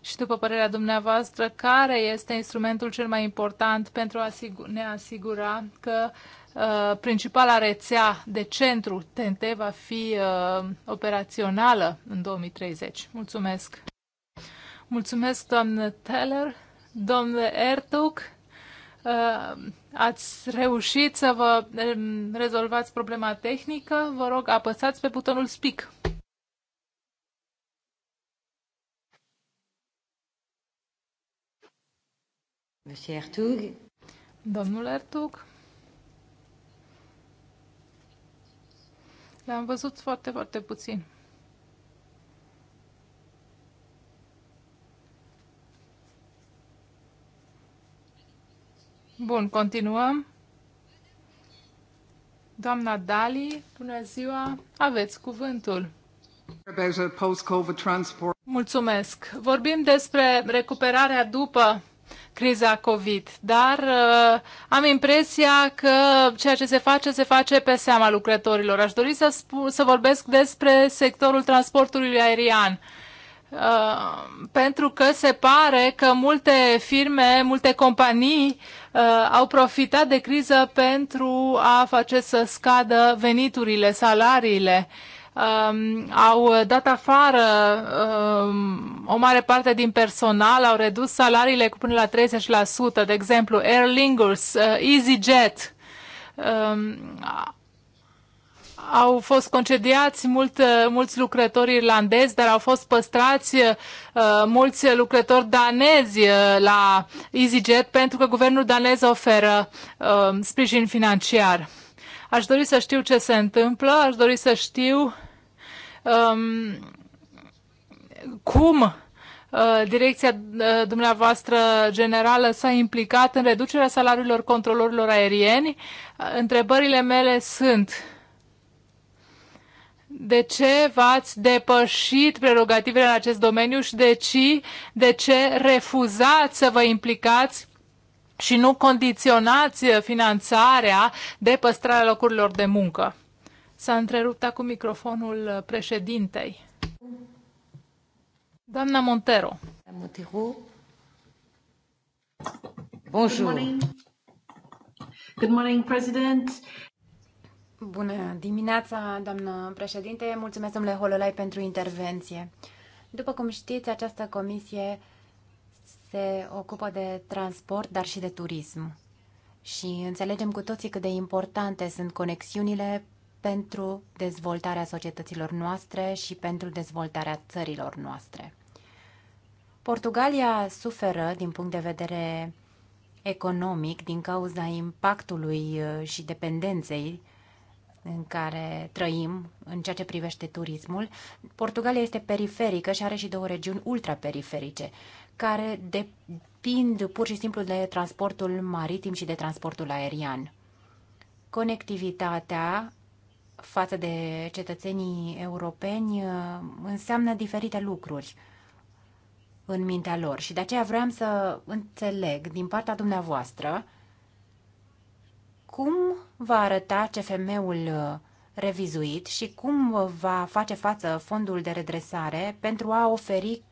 Și după părerea dumneavoastră, care este instrumentul cel mai important pentru a ne asigura că uh, principala rețea de centru TNT va fi uh, operațională în 2030? Mulțumesc! Mulțumesc, doamnă Teller, domnule Ertuc. Uh, ați reușit să vă um, rezolvați problema tehnică, vă rog apăsați pe butonul speak. Monsieur Ertug. Domnul Ertug. L-am văzut foarte, foarte puțin. Bun, continuăm. Doamna Dali, bună ziua, aveți cuvântul. Mulțumesc. Vorbim despre recuperarea după criza COVID, dar uh, am impresia că ceea ce se face, se face pe seama lucrătorilor. Aș dori să, spun, să vorbesc despre sectorul transportului aerian. Uh, pentru că se pare că multe firme, multe companii uh, Uh, au profitat de criză pentru a face să scadă veniturile, salariile. Um, au dat afară um, o mare parte din personal, au redus salariile cu până la 30%, de exemplu Aer Lingus, uh, EasyJet, um, au fost concediați mult, uh, mulți lucrători irlandezi, dar au fost păstrați uh, mulți lucrători danezi uh, la EasyJet pentru că guvernul danez oferă uh, sprijin financiar. Aș dori să știu ce se întâmplă, aș dori să știu um, cum uh, direcția uh, dumneavoastră generală s-a implicat în reducerea salariilor controlorilor aerieni. Întrebările mele sunt de ce v-ați depășit prerogativele în acest domeniu și de ce, de ce refuzați să vă implicați și nu condiționați finanțarea de păstrarea locurilor de muncă. S-a întrerupt acum microfonul președintei. Doamna Montero. Montero. Bonjour. Good morning, President. Bună dimineața, doamnă președinte. Mulțumesc, domnule Hololai, pentru intervenție. După cum știți, această comisie se ocupă de transport, dar și de turism. Și înțelegem cu toții cât de importante sunt conexiunile pentru dezvoltarea societăților noastre și pentru dezvoltarea țărilor noastre. Portugalia suferă din punct de vedere economic din cauza impactului uh, și dependenței în care trăim în ceea ce privește turismul. Portugalia este periferică și are și două regiuni ultraperiferice care depind pur și simplu de transportul maritim și de transportul aerian. Conectivitatea față de cetățenii europeni uh, înseamnă diferite lucruri în mintea lor și de aceea vreau să înțeleg din partea dumneavoastră cum va arăta CFM-ul uh, revizuit și cum uh, va face față fondul de redresare pentru a oferi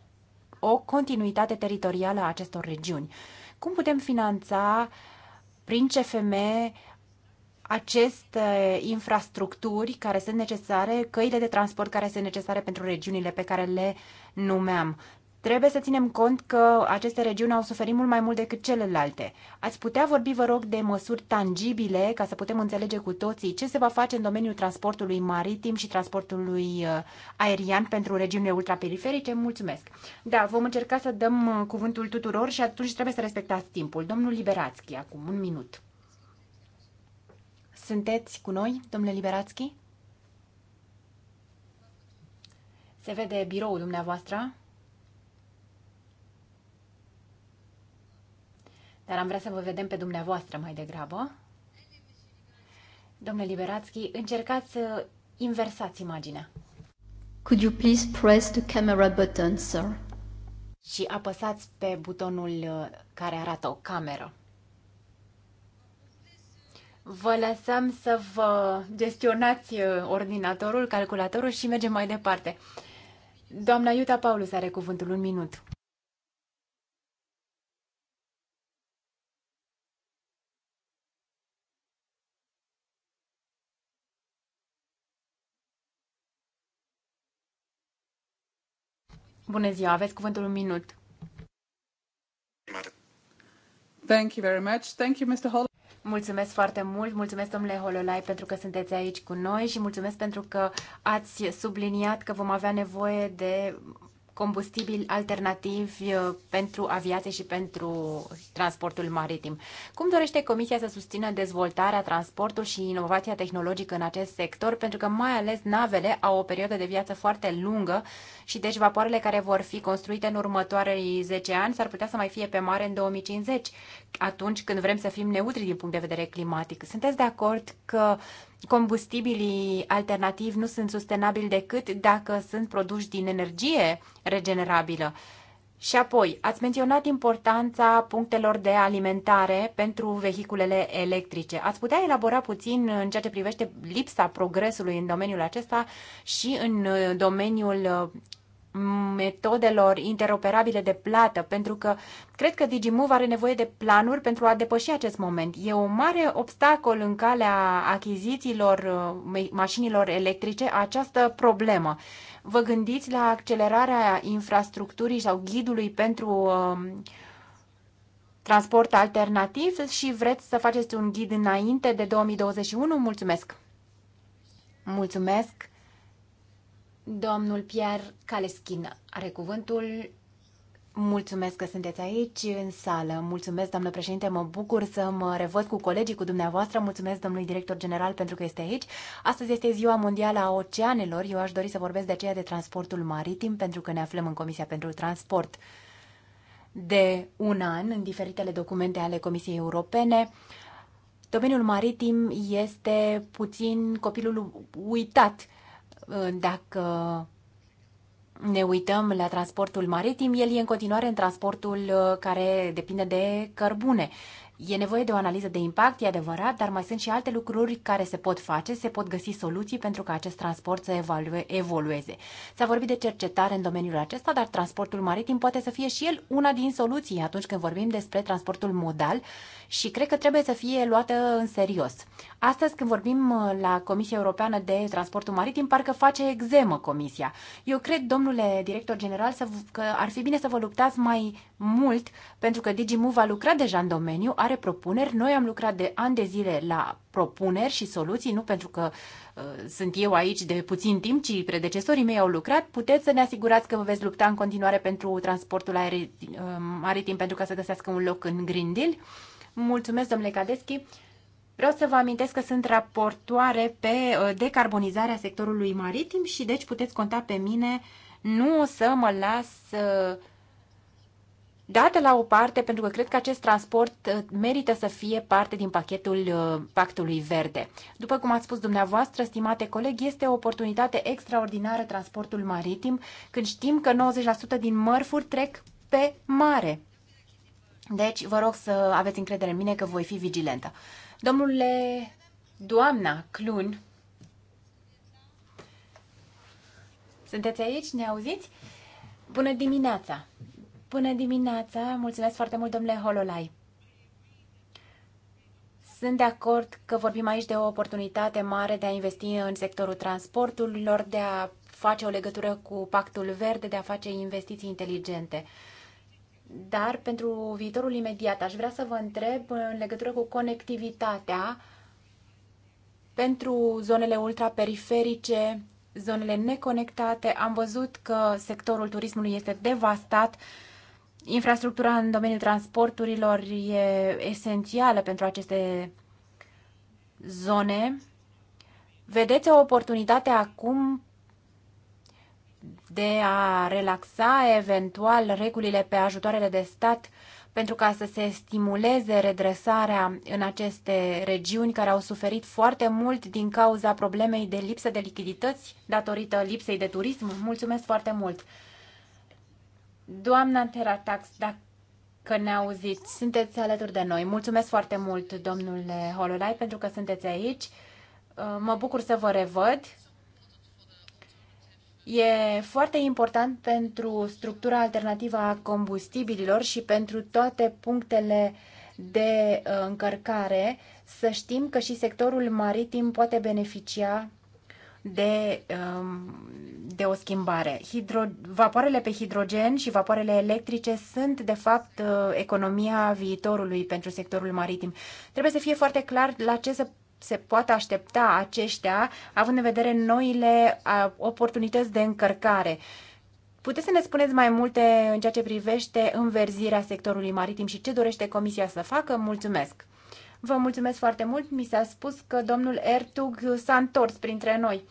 o continuitate teritorială a acestor regiuni? Cum putem finanța prin CFM aceste infrastructuri care sunt necesare, căile de transport care sunt necesare pentru regiunile pe care le numeam. Trebuie să ținem cont că aceste regiuni au suferit mult mai mult decât celelalte. Ați putea vorbi, vă rog, de măsuri tangibile ca să putem înțelege cu toții ce se va face în domeniul transportului maritim și transportului uh, aerian pentru regiunile ultraperiferice? Mulțumesc! Da, vom încerca să dăm uh, cuvântul tuturor și atunci trebuie să respectați timpul. Domnul Liberațchi, acum un minut. Sunteți cu noi, domnule Liberațchi? Se vede biroul dumneavoastră? dar am vrea să vă vedem pe dumneavoastră mai degrabă. Domnule Liberațchi, încercați să inversați imaginea. Could you please press the camera button, sir? Și apăsați pe butonul uh, care arată o cameră. Vă lăsăm să vă gestionați uh, ordinatorul, calculatorul și mergem mai departe. Doamna Iuta Paulus are cuvântul un minut. Bună ziua, aveți cuvântul un minut. Thank you very much. Thank you, Mr. Hol- Mulțumesc foarte mult, mulțumesc domnule Hololai pentru că sunteți aici cu noi și mulțumesc pentru că ați subliniat că vom avea nevoie de combustibili alternativi uh, pentru aviație și pentru transportul maritim. Cum dorește Comisia să susțină dezvoltarea, transportul și inovația tehnologică în acest sector? Pentru că mai ales navele au o perioadă de viață foarte lungă și deci vapoarele care vor fi construite în următoarei 10 ani s-ar putea să mai fie pe mare în 2050, atunci când vrem să fim neutri din punct de vedere climatic. Sunteți de acord că combustibilii alternativi nu sunt sustenabili decât dacă sunt produși din energie regenerabilă. Și apoi, ați menționat importanța punctelor de alimentare pentru vehiculele electrice. Ați putea elabora puțin în ceea ce privește lipsa progresului în domeniul acesta și în domeniul metodelor interoperabile de plată, pentru că cred că DigiMove are nevoie de planuri pentru a depăși acest moment. E un mare obstacol în calea achizițiilor uh, mașinilor electrice această problemă. Vă gândiți la accelerarea infrastructurii sau ghidului pentru um, transport alternativ și vreți să faceți un ghid înainte de 2021? Mulțumesc! Mulțumesc! Domnul Pierre Caleschin are cuvântul. Mulțumesc că sunteți aici în sală. Mulțumesc, doamnă președinte, mă bucur să mă revăd cu colegii, cu dumneavoastră. Mulțumesc, domnului director general, pentru că este aici. Astăzi este Ziua Mondială a Oceanelor. Eu aș dori să vorbesc de aceea de transportul maritim, pentru că ne aflăm în Comisia pentru Transport de un an în diferitele documente ale Comisiei Europene. Domeniul maritim este puțin copilul uitat dacă ne uităm la transportul maritim, el e în continuare în transportul uh, care depinde de cărbune. E nevoie de o analiză de impact, e adevărat, dar mai sunt și alte lucruri care se pot face, se pot găsi soluții pentru ca acest transport să evolueze. S-a vorbit de cercetare în domeniul acesta, dar transportul maritim poate să fie și el una din soluții atunci când vorbim despre transportul modal și cred că trebuie să fie luată în serios. Astăzi, când vorbim uh, la Comisia Europeană de Transportul Maritim, parcă face exemă Comisia. Eu cred, domnule director general, să, că ar fi bine să vă luptați mai mult, pentru că DigiMove a lucrat deja în domeniu, are continuare propuneri. Noi am lucrat de ani de zile la propuneri și soluții, nu pentru că uh, sunt eu aici de puțin timp, ci predecesorii mei au lucrat. Puteți să ne asigurați că vă veți lupta în continuare pentru transportul aer, uh, maritim pentru ca să găsească un loc în Green Deal. Mulțumesc, domnule Cadeschi. Vreau să vă amintesc că sunt raportoare pe uh, decarbonizarea sectorului maritim și deci puteți conta pe mine nu să mă las uh, Date la o parte, pentru că cred că acest transport uh, merită să fie parte din pachetul uh, Pactului Verde. După cum ați spus dumneavoastră, stimate coleg, este o oportunitate extraordinară transportul maritim, când știm că 90% din mărfuri trec pe mare. Deci, vă rog să aveți încredere în mine că voi fi vigilentă. Domnule, doamna Clun, sunteți aici? Ne auziți? Bună dimineața! Până dimineața, mulțumesc foarte mult, domnule Hololai. Sunt de acord că vorbim aici de o oportunitate mare de a investi în sectorul transporturilor, de a face o legătură cu pactul verde, de a face investiții inteligente. Dar pentru viitorul imediat aș vrea să vă întreb în legătură cu conectivitatea pentru zonele ultraperiferice, zonele neconectate. Am văzut că sectorul turismului este devastat Infrastructura în domeniul transporturilor e esențială pentru aceste zone. Vedeți o oportunitate acum de a relaxa eventual regulile pe ajutoarele de stat pentru ca să se stimuleze redresarea în aceste regiuni care au suferit foarte mult din cauza problemei de lipsă de lichidități datorită lipsei de turism? Mulțumesc foarte mult! Doamna Teratax, dacă ne auziți, sunteți alături de noi. Mulțumesc foarte mult, domnule Hololai, pentru că sunteți aici. Uh, mă bucur să vă revăd. E foarte important pentru structura alternativă a combustibililor și pentru toate punctele de uh, încărcare să știm că și sectorul maritim poate beneficia de, um, de o schimbare. Hidro, vapoarele pe hidrogen și vapoarele electrice sunt, de fapt, uh, economia viitorului pentru sectorul maritim. Trebuie să fie foarte clar la ce să se poate aștepta aceștia, având în vedere noile oportunități de încărcare. Puteți să ne spuneți mai multe în ceea ce privește înverzirea sectorului maritim și ce dorește Comisia să facă? Mulțumesc! Vă mulțumesc foarte mult. Mi s-a spus că domnul Ertug s-a întors printre noi.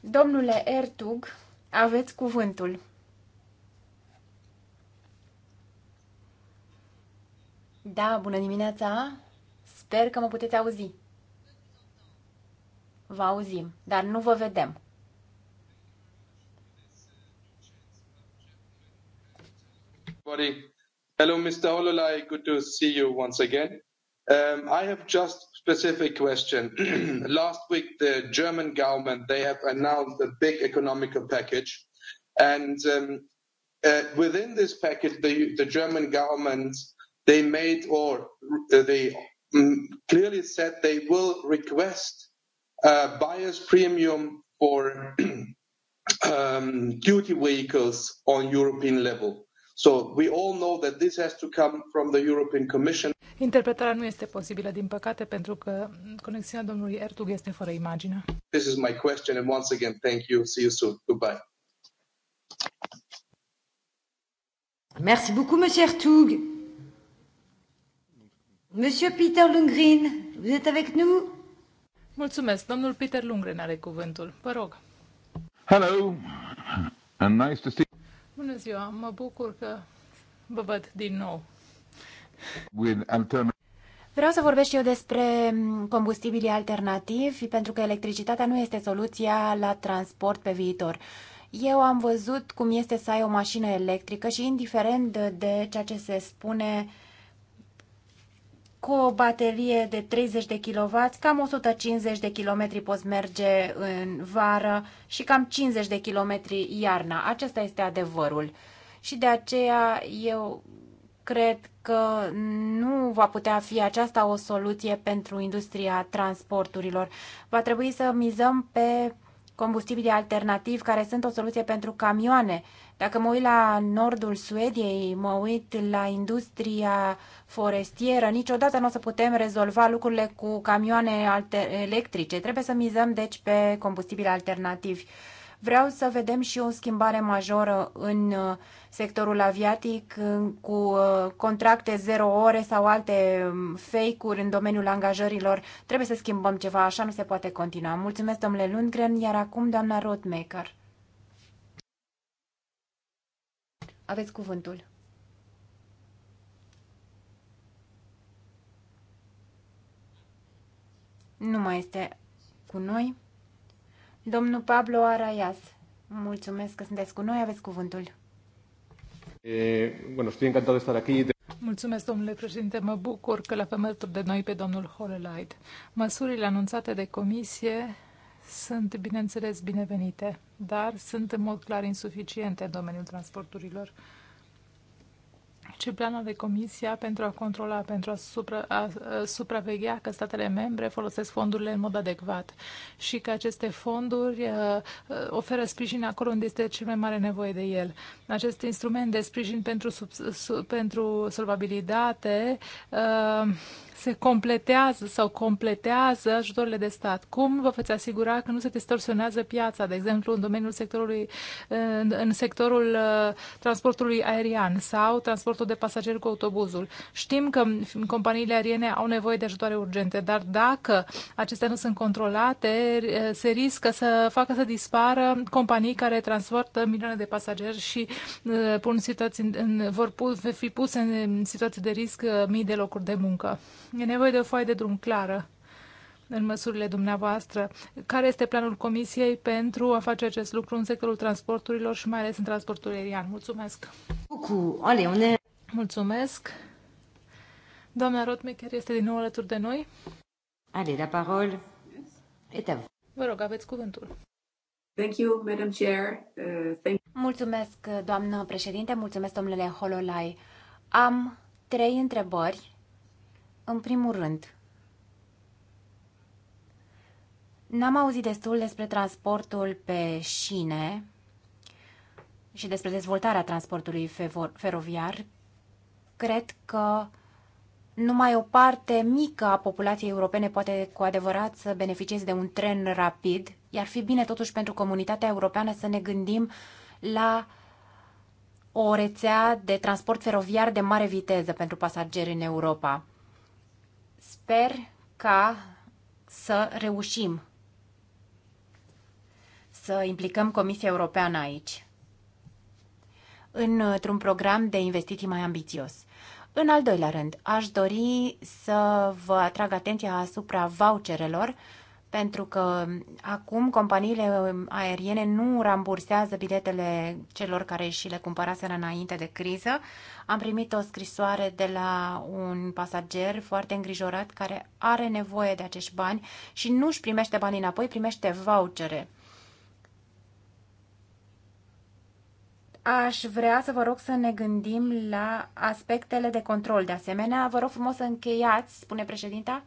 Domnule Ertug, aveți cuvântul. Da, bună dimineața! Sper că mă puteți auzi. Vă auzim, dar nu vă vedem. Hello, Mr. Hololai. Good to see you once again. Um, I have just specific question. *clears throat* Last week, the German government, they have announced a big economical package. And um, uh, within this package, the, the German government, they made or uh, they um, clearly said they will request uh, buyer's premium for *clears throat* um, duty vehicles on European level. So we all know that this has to come from the European Commission Interpretarea nu este posibilă, din păcate, pentru că conexiunea domnului Ertug este fără imagine. This is my question and once again, thank you. See you soon. Goodbye. Merci beaucoup, monsieur Ertug. Monsieur Peter Lundgren, vous êtes avec nous? Mulțumesc. Domnul Peter Lundgren are cuvântul. Vă rog. Hello, and nice to see Bună ziua, mă bucur că vă văd din nou. Vreau să vorbesc și eu despre combustibilii alternativi, pentru că electricitatea nu este soluția la transport pe viitor. Eu am văzut cum este să ai o mașină electrică și indiferent de ceea ce se spune cu o baterie de 30 de kW, cam 150 de km poți merge în vară și cam 50 de km iarna. Acesta este adevărul. Și de aceea eu cred că nu va putea fi aceasta o soluție pentru industria transporturilor. Va trebui să mizăm pe combustibili alternativi care sunt o soluție pentru camioane. Dacă mă uit la nordul Suediei, mă uit la industria forestieră, niciodată nu o să putem rezolva lucrurile cu camioane electrice. Trebuie să mizăm, deci, pe combustibili alternativi. Vreau să vedem și o schimbare majoră în uh, sectorul aviatic uh, cu uh, contracte zero ore sau alte um, fake-uri în domeniul angajărilor. Trebuie să schimbăm ceva, așa nu se poate continua. Mulțumesc, domnule Lundgren, iar acum doamna Roadmaker. Aveți cuvântul. Nu mai este cu noi. Domnul Pablo Araias, mulțumesc că sunteți cu noi, aveți cuvântul. E, bueno, estoy encantado de estar aquí. Mulțumesc, domnule președinte. Mă bucur că l-avem alături de noi pe domnul Holelight. Măsurile anunțate de comisie sunt, bineînțeles, binevenite, dar sunt în mod clar insuficiente în domeniul transporturilor ce plan de Comisia pentru a controla, pentru a, supra, a, a supraveghea că statele membre folosesc fondurile în mod adecvat și că aceste fonduri a, oferă sprijin acolo unde este cel mai mare nevoie de el. Acest instrument de sprijin pentru, sub, sub, pentru solvabilitate a, se completează sau completează ajutorile de stat? Cum vă veți asigura că nu se distorsionează piața, de exemplu, în domeniul sectorului, în, în sectorul uh, transportului aerian sau transportul de pasageri cu autobuzul? Știm că companiile aeriene au nevoie de ajutoare urgente, dar dacă acestea nu sunt controlate, uh, se riscă să facă să dispară companii care transportă milioane de pasageri și uh, pun situații în, vor fi puse în situații de risc mii de locuri de muncă. E nevoie de o foaie de drum clară în măsurile dumneavoastră. Care este planul Comisiei pentru a face acest lucru în sectorul transporturilor și mai ales în transportul aerian? Mulțumesc! Mulțumesc! Doamna Rotmecher este din nou alături de noi. Ale, la parole est à vous. Vă rog, aveți cuvântul. Thank you, Madam Chair. Uh, thank mulțumesc, doamnă președinte, mulțumesc, domnule Hololai. Am trei întrebări în primul rând, n-am auzit destul despre transportul pe șine și despre dezvoltarea transportului feroviar. Cred că numai o parte mică a populației europene poate cu adevărat să beneficieze de un tren rapid, iar fi bine totuși pentru comunitatea europeană să ne gândim la o rețea de transport feroviar de mare viteză pentru pasageri în Europa. Sper ca să reușim să implicăm Comisia Europeană aici într-un program de investiții mai ambițios. În al doilea rând, aș dori să vă atrag atenția asupra voucherelor pentru că acum companiile aeriene nu rambursează biletele celor care și le cumpăraseră înainte de criză. Am primit o scrisoare de la un pasager foarte îngrijorat care are nevoie de acești bani și nu își primește banii înapoi, primește vouchere. Aș vrea să vă rog să ne gândim la aspectele de control. De asemenea, vă rog frumos să încheiați, spune președinta,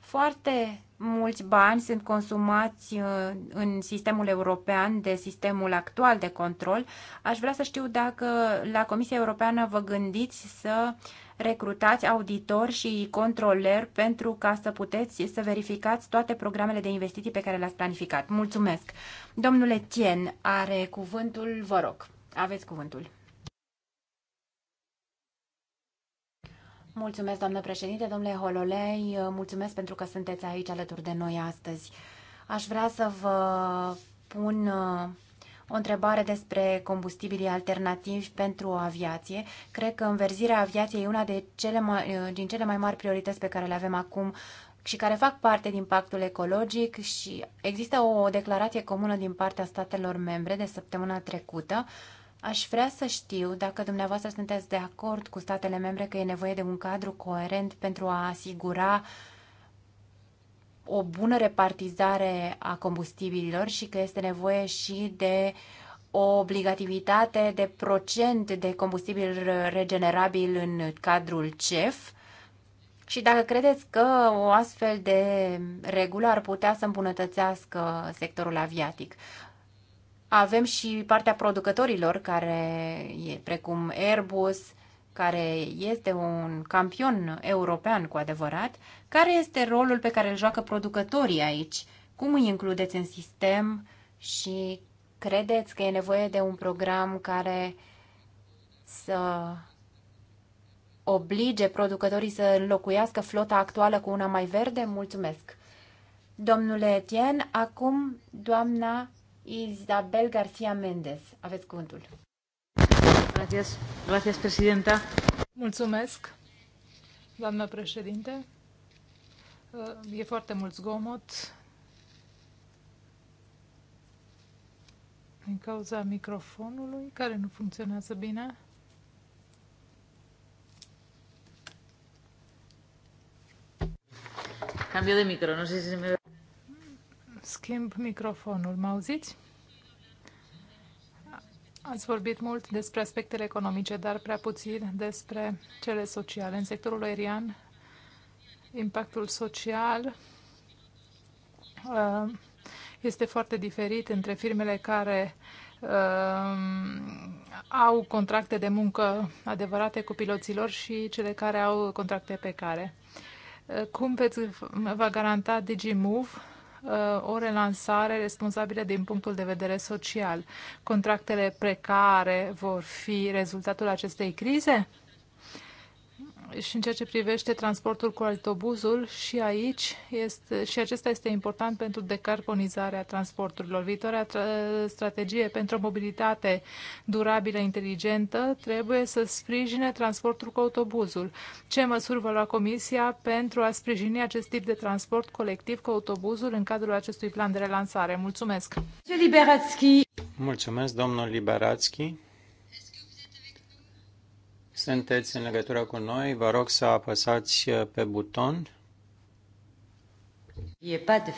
foarte mulți bani sunt consumați uh, în sistemul european de sistemul actual de control. Aș vrea să știu dacă la Comisia Europeană vă gândiți să recrutați auditori și controleri pentru ca să puteți să verificați toate programele de investiții pe care le-ați planificat. Mulțumesc! Domnule Tien are cuvântul, vă rog, aveți cuvântul. Mulțumesc, doamnă președinte, domnule Hololei, mulțumesc pentru că sunteți aici alături de noi astăzi. Aș vrea să vă pun uh, o întrebare despre combustibilii alternativi pentru aviație. Cred că înverzirea aviației e una de cele mai, uh, din cele mai mari priorități pe care le avem acum și care fac parte din pactul ecologic și există o declarație comună din partea statelor membre de săptămâna trecută uh, Aș vrea să știu dacă dumneavoastră sunteți de acord cu statele membre că e nevoie de un cadru coerent pentru a asigura o bună repartizare a combustibililor și că este nevoie și de o obligativitate de procent de combustibil regenerabil în cadrul CEF și dacă credeți că o astfel de regulă ar putea să îmbunătățească sectorul aviatic. Avem și partea producătorilor, care e precum Airbus, care este un campion european cu adevărat. Care este rolul pe care îl joacă producătorii aici? Cum îi includeți în sistem și credeți că e nevoie de un program care să oblige producătorii să înlocuiască flota actuală cu una mai verde? Mulțumesc! Domnule Etienne, acum doamna Isabel García Méndez, Aveți cuvântul. Gracias, gracias, presidenta. Mulțumesc, doamnă președinte. Uh, e foarte mult zgomot din cauza microfonului care nu funcționează bine. Cambio de micro, no sé si se me schimb microfonul. Mă auziți? Ați vorbit mult despre aspectele economice, dar prea puțin despre cele sociale. În sectorul aerian, impactul social uh, este foarte diferit între firmele care uh, au contracte de muncă adevărate cu piloților și cele care au contracte pe care. Uh, cum veți, va garanta DigiMove Uh, o relansare responsabilă din punctul de vedere social. Contractele precare vor fi rezultatul acestei crize? și în ceea ce privește transportul cu autobuzul și aici este, și acesta este important pentru decarbonizarea transporturilor. Viitoarea tra- strategie pentru mobilitate durabilă, inteligentă, trebuie să sprijine transportul cu autobuzul. Ce măsuri va lua Comisia pentru a sprijini acest tip de transport colectiv cu autobuzul în cadrul acestui plan de relansare? Mulțumesc! Mulțumesc, domnul Liberațchi sunteți în legătură cu noi, vă rog să apăsați uh, pe buton. E pas de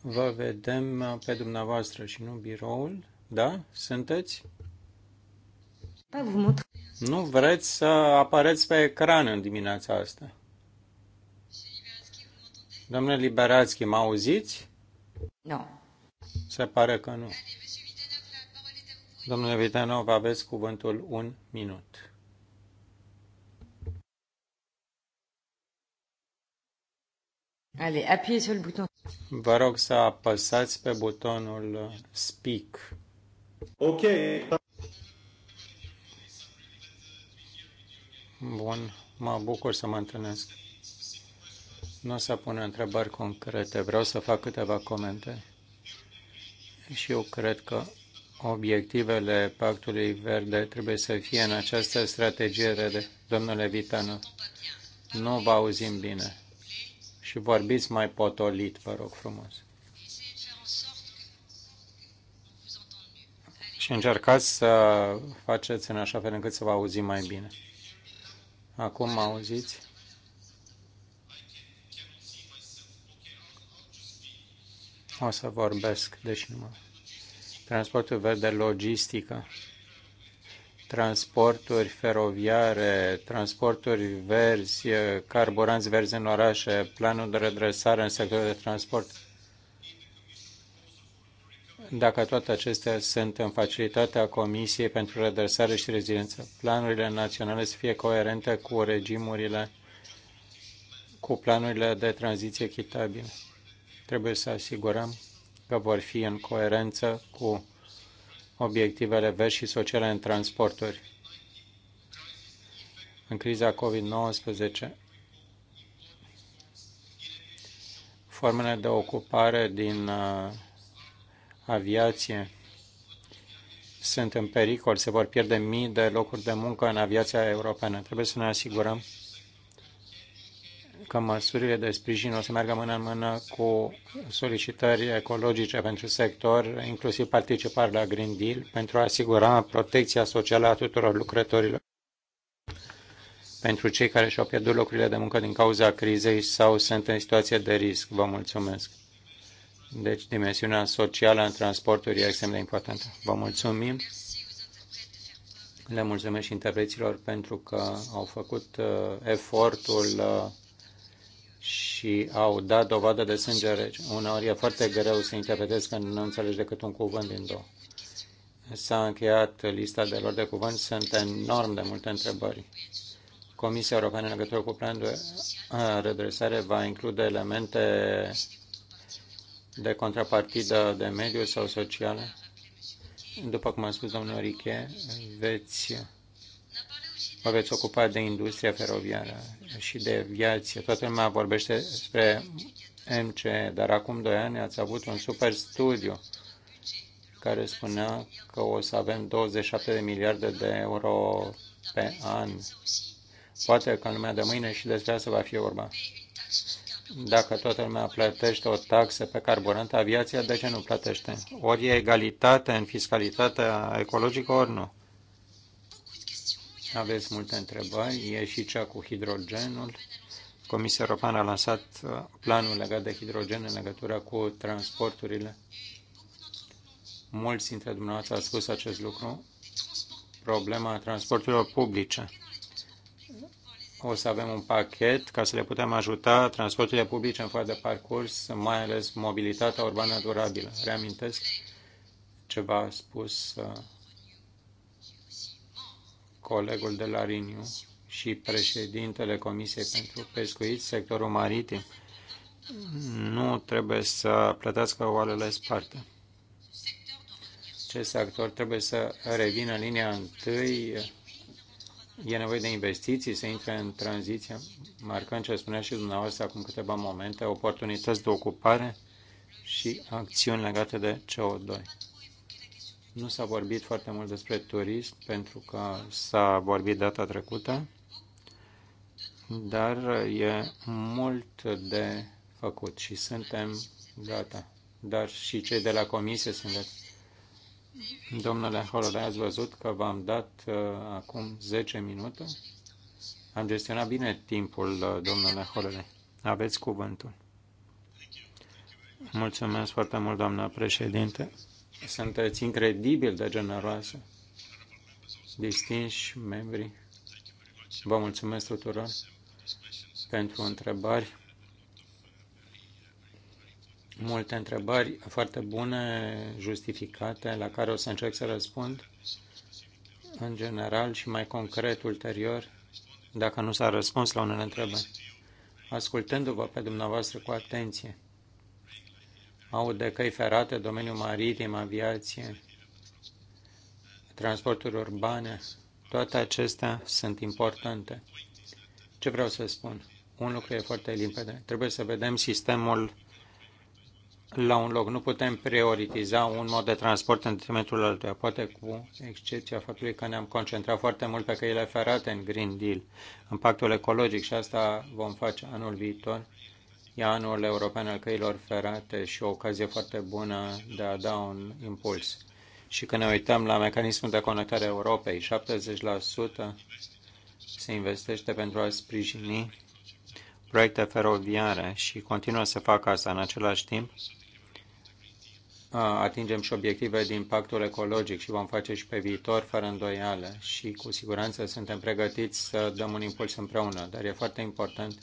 Vă vedem uh, pe dumneavoastră și nu biroul. Da? Sunteți? Nu vreți să apareți pe ecran în dimineața asta. Domnule Liberațchi, mă auziți? Nu. Se pare că nu. Domnule Vitanov, aveți cuvântul un minut. Allez, appuyez sur le bouton. Vă rog să apăsați pe butonul Speak. Ok. Bun, mă bucur să mă întâlnesc nu o să pun întrebări concrete, vreau să fac câteva comente. Și eu cred că obiectivele Pactului Verde trebuie să fie în această strategie de domnule Vitanu. Nu vă auzim bine și vorbiți mai potolit, vă rog frumos. Și încercați să faceți în așa fel încât să vă auzim mai bine. Acum mă auziți? o să vorbesc, deci nu Transportul verde, logistică, transporturi feroviare, transporturi verzi, carburanți verzi în orașe, planul de redresare în sectorul de transport. Dacă toate acestea sunt în facilitatea Comisiei pentru Redresare și Reziliență, planurile naționale să fie coerente cu regimurile, cu planurile de tranziție echitabile. Trebuie să asigurăm că vor fi în coerență cu obiectivele verzi și sociale în transporturi. În criza COVID-19, formele de ocupare din uh, aviație sunt în pericol, se vor pierde mii de locuri de muncă în aviația europeană. Trebuie să ne asigurăm că măsurile de sprijin o să meargă mână în mână cu solicitări ecologice pentru sector, inclusiv participarea la Green Deal, pentru a asigura protecția socială a tuturor lucrătorilor pentru cei care și-au pierdut locurile de muncă din cauza crizei sau sunt în situație de risc. Vă mulțumesc. Deci dimensiunea socială în transporturi e extrem de importantă. Vă mulțumim. Le mulțumesc și interpreților pentru că au făcut uh, efortul uh, și au dat dovadă de sânge rece. Uneori e foarte greu să interpretezi când nu înțelegi decât un cuvânt din două. S-a încheiat lista de lor de cuvânt. Sunt enorm de multe întrebări. Comisia Europeană în legătură cu planul de redresare va include elemente de contrapartidă de mediu sau sociale. După cum a spus domnul Riche, veți vă veți ocupa de industria feroviară și de aviație. Toată lumea vorbește despre MC, dar acum doi ani ați avut un super studiu care spunea că o să avem 27 de miliarde de euro pe an. Poate că în lumea de mâine și despre asta va fi vorba. Dacă toată lumea plătește o taxă pe carburant, aviația de ce nu plătește? Ori e egalitate în fiscalitatea ecologică, ori nu. Aveți multe întrebări. E și cea cu hidrogenul. Comisia Europeană a lansat uh, planul legat de hidrogen în legătură cu transporturile. Mulți dintre dumneavoastră au spus acest lucru. Problema transporturilor publice. O să avem un pachet ca să le putem ajuta transporturile publice în foaia de parcurs, mai ales mobilitatea urbană durabilă. Reamintesc ceva spus uh, colegul de la Riniu și președintele Comisiei pentru Pescuit, sectorul maritim, nu trebuie să plătească oalele sparte. Acest sector trebuie să revină în linia întâi, e nevoie de investiții, să intre în tranziție, marcând ce spunea și dumneavoastră acum câteva momente, oportunități de ocupare și acțiuni legate de CO2 nu s-a vorbit foarte mult despre turism, pentru că s-a vorbit data trecută, dar e mult de făcut și suntem gata. Dar și cei de la comisie sunt gata. Domnule Holoday, ați văzut că v-am dat uh, acum 10 minute? Am gestionat bine timpul, uh, domnule Holoday. Aveți cuvântul. Mulțumesc foarte mult, doamna președinte. Sunteți incredibil de generoase. distinși membri. Vă mulțumesc tuturor pentru întrebări. Multe întrebări foarte bune, justificate, la care o să încerc să răspund în general și mai concret ulterior, dacă nu s-a răspuns la unele întrebări. Ascultându-vă pe dumneavoastră cu atenție au de căi ferate, domeniul maritim, aviație, transporturi urbane, toate acestea sunt importante. Ce vreau să spun? Un lucru e foarte limpede. Trebuie să vedem sistemul la un loc. Nu putem prioritiza un mod de transport în detrimentul altuia, poate cu excepția faptului că ne-am concentrat foarte mult pe căile ferate în Green Deal, în pactul ecologic și asta vom face anul viitor E anul european al căilor ferate și o ocazie foarte bună de a da un impuls. Și când ne uităm la mecanismul de conectare a Europei, 70% se investește pentru a sprijini proiecte feroviare și continuă să facă asta. În același timp, atingem și obiective din pactul ecologic și vom face și pe viitor, fără îndoială. Și cu siguranță suntem pregătiți să dăm un impuls împreună, dar e foarte important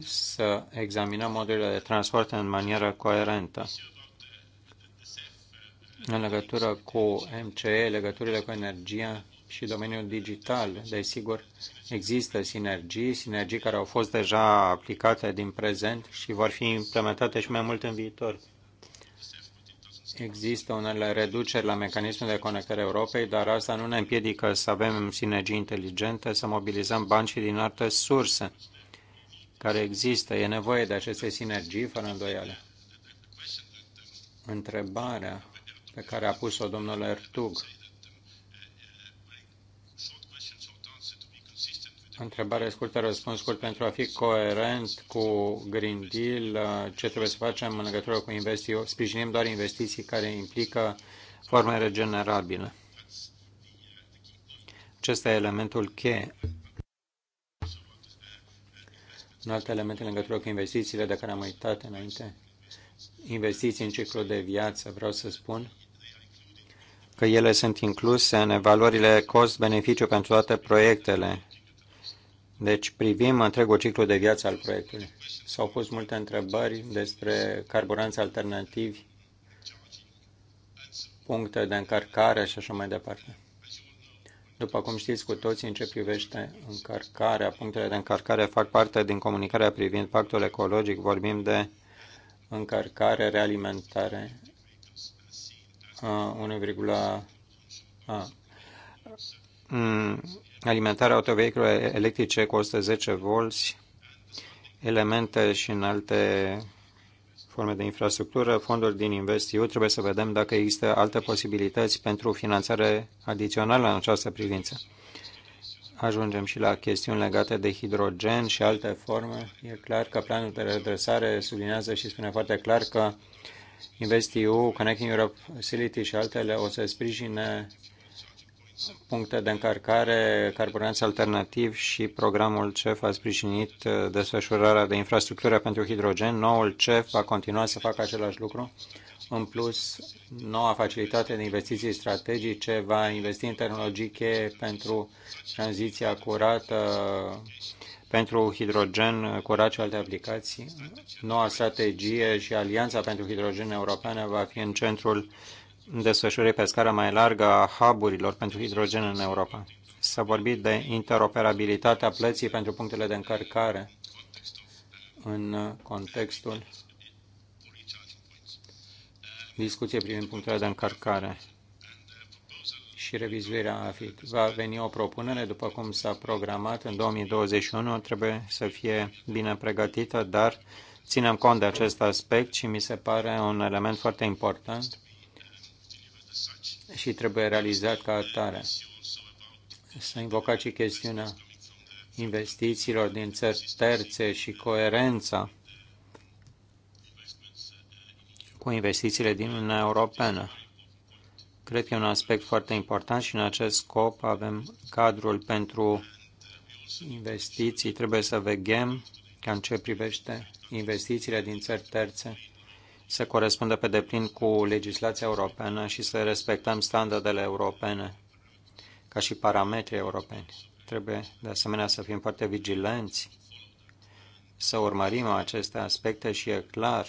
să examinăm modurile de transport în manieră coerentă. În legătură cu MCE, legăturile cu energia și domeniul digital, desigur, există sinergii, sinergii care au fost deja aplicate din prezent și vor fi implementate și mai mult în viitor. Există unele reduceri la mecanismul de conectare Europei, dar asta nu ne împiedică să avem sinergii inteligente, să mobilizăm bani și din alte surse care există. E nevoie de aceste sinergii, fără îndoială. Întrebarea pe care a pus-o domnul Ertug Întrebare scurtă, răspuns scurt pentru a fi coerent cu Green Deal, ce trebuie să facem în legătură cu investiții. Sprijinim doar investiții care implică forme regenerabile. Acesta e elementul cheie un alt element în legătură cu investițiile de care am uitat înainte, investiții în ciclu de viață, vreau să spun că ele sunt incluse în evaluările cost-beneficiu pentru toate proiectele. Deci privim întregul ciclu de viață al proiectului. S-au pus multe întrebări despre carburanți alternativi, puncte de încărcare și așa mai departe. După cum știți cu toții, în ce privește încărcarea, punctele de încărcare fac parte din comunicarea privind pactul ecologic. Vorbim de încărcare, realimentare, 1,1 mm, alimentarea autovehiculelor electrice cu 110 volți, elemente și în alte forme de infrastructură, fonduri din investiu, trebuie să vedem dacă există alte posibilități pentru finanțare adițională în această privință. Ajungem și la chestiuni legate de hidrogen și alte forme. E clar că planul de redresare sublinează și spune foarte clar că InvestEU, Connecting Europe Facility și altele o să sprijine puncte de încărcare, carburanți alternativi și programul CEF a sprijinit uh, desfășurarea de infrastructură pentru hidrogen. Noul CEF va continua să facă același lucru. În plus, noua facilitate de investiții strategice va investi în tehnologii cheie pentru tranziția curată, pentru hidrogen curat și alte aplicații. Noua strategie și Alianța pentru Hidrogen Europeană va fi în centrul desfășurării pe scară mai largă a hub pentru hidrogen în Europa. S-a vorbit de interoperabilitatea plății pentru punctele de încărcare în contextul discuției privind punctele de încărcare și revizuirea AFIT. Va veni o propunere, după cum s-a programat, în 2021 trebuie să fie bine pregătită, dar ținem cont de acest aspect și mi se pare un element foarte important și trebuie realizat ca atare. să invocați și chestiunea investițiilor din țări terțe și coerența cu investițiile din Uniunea Europeană. Cred că e un aspect foarte important și în acest scop avem cadrul pentru investiții. Trebuie să veghem ca în ce privește investițiile din țări terțe să corespundă pe deplin cu legislația europeană și să respectăm standardele europene ca și parametrii europeni. Trebuie de asemenea să fim foarte vigilenți, să urmărim aceste aspecte și e clar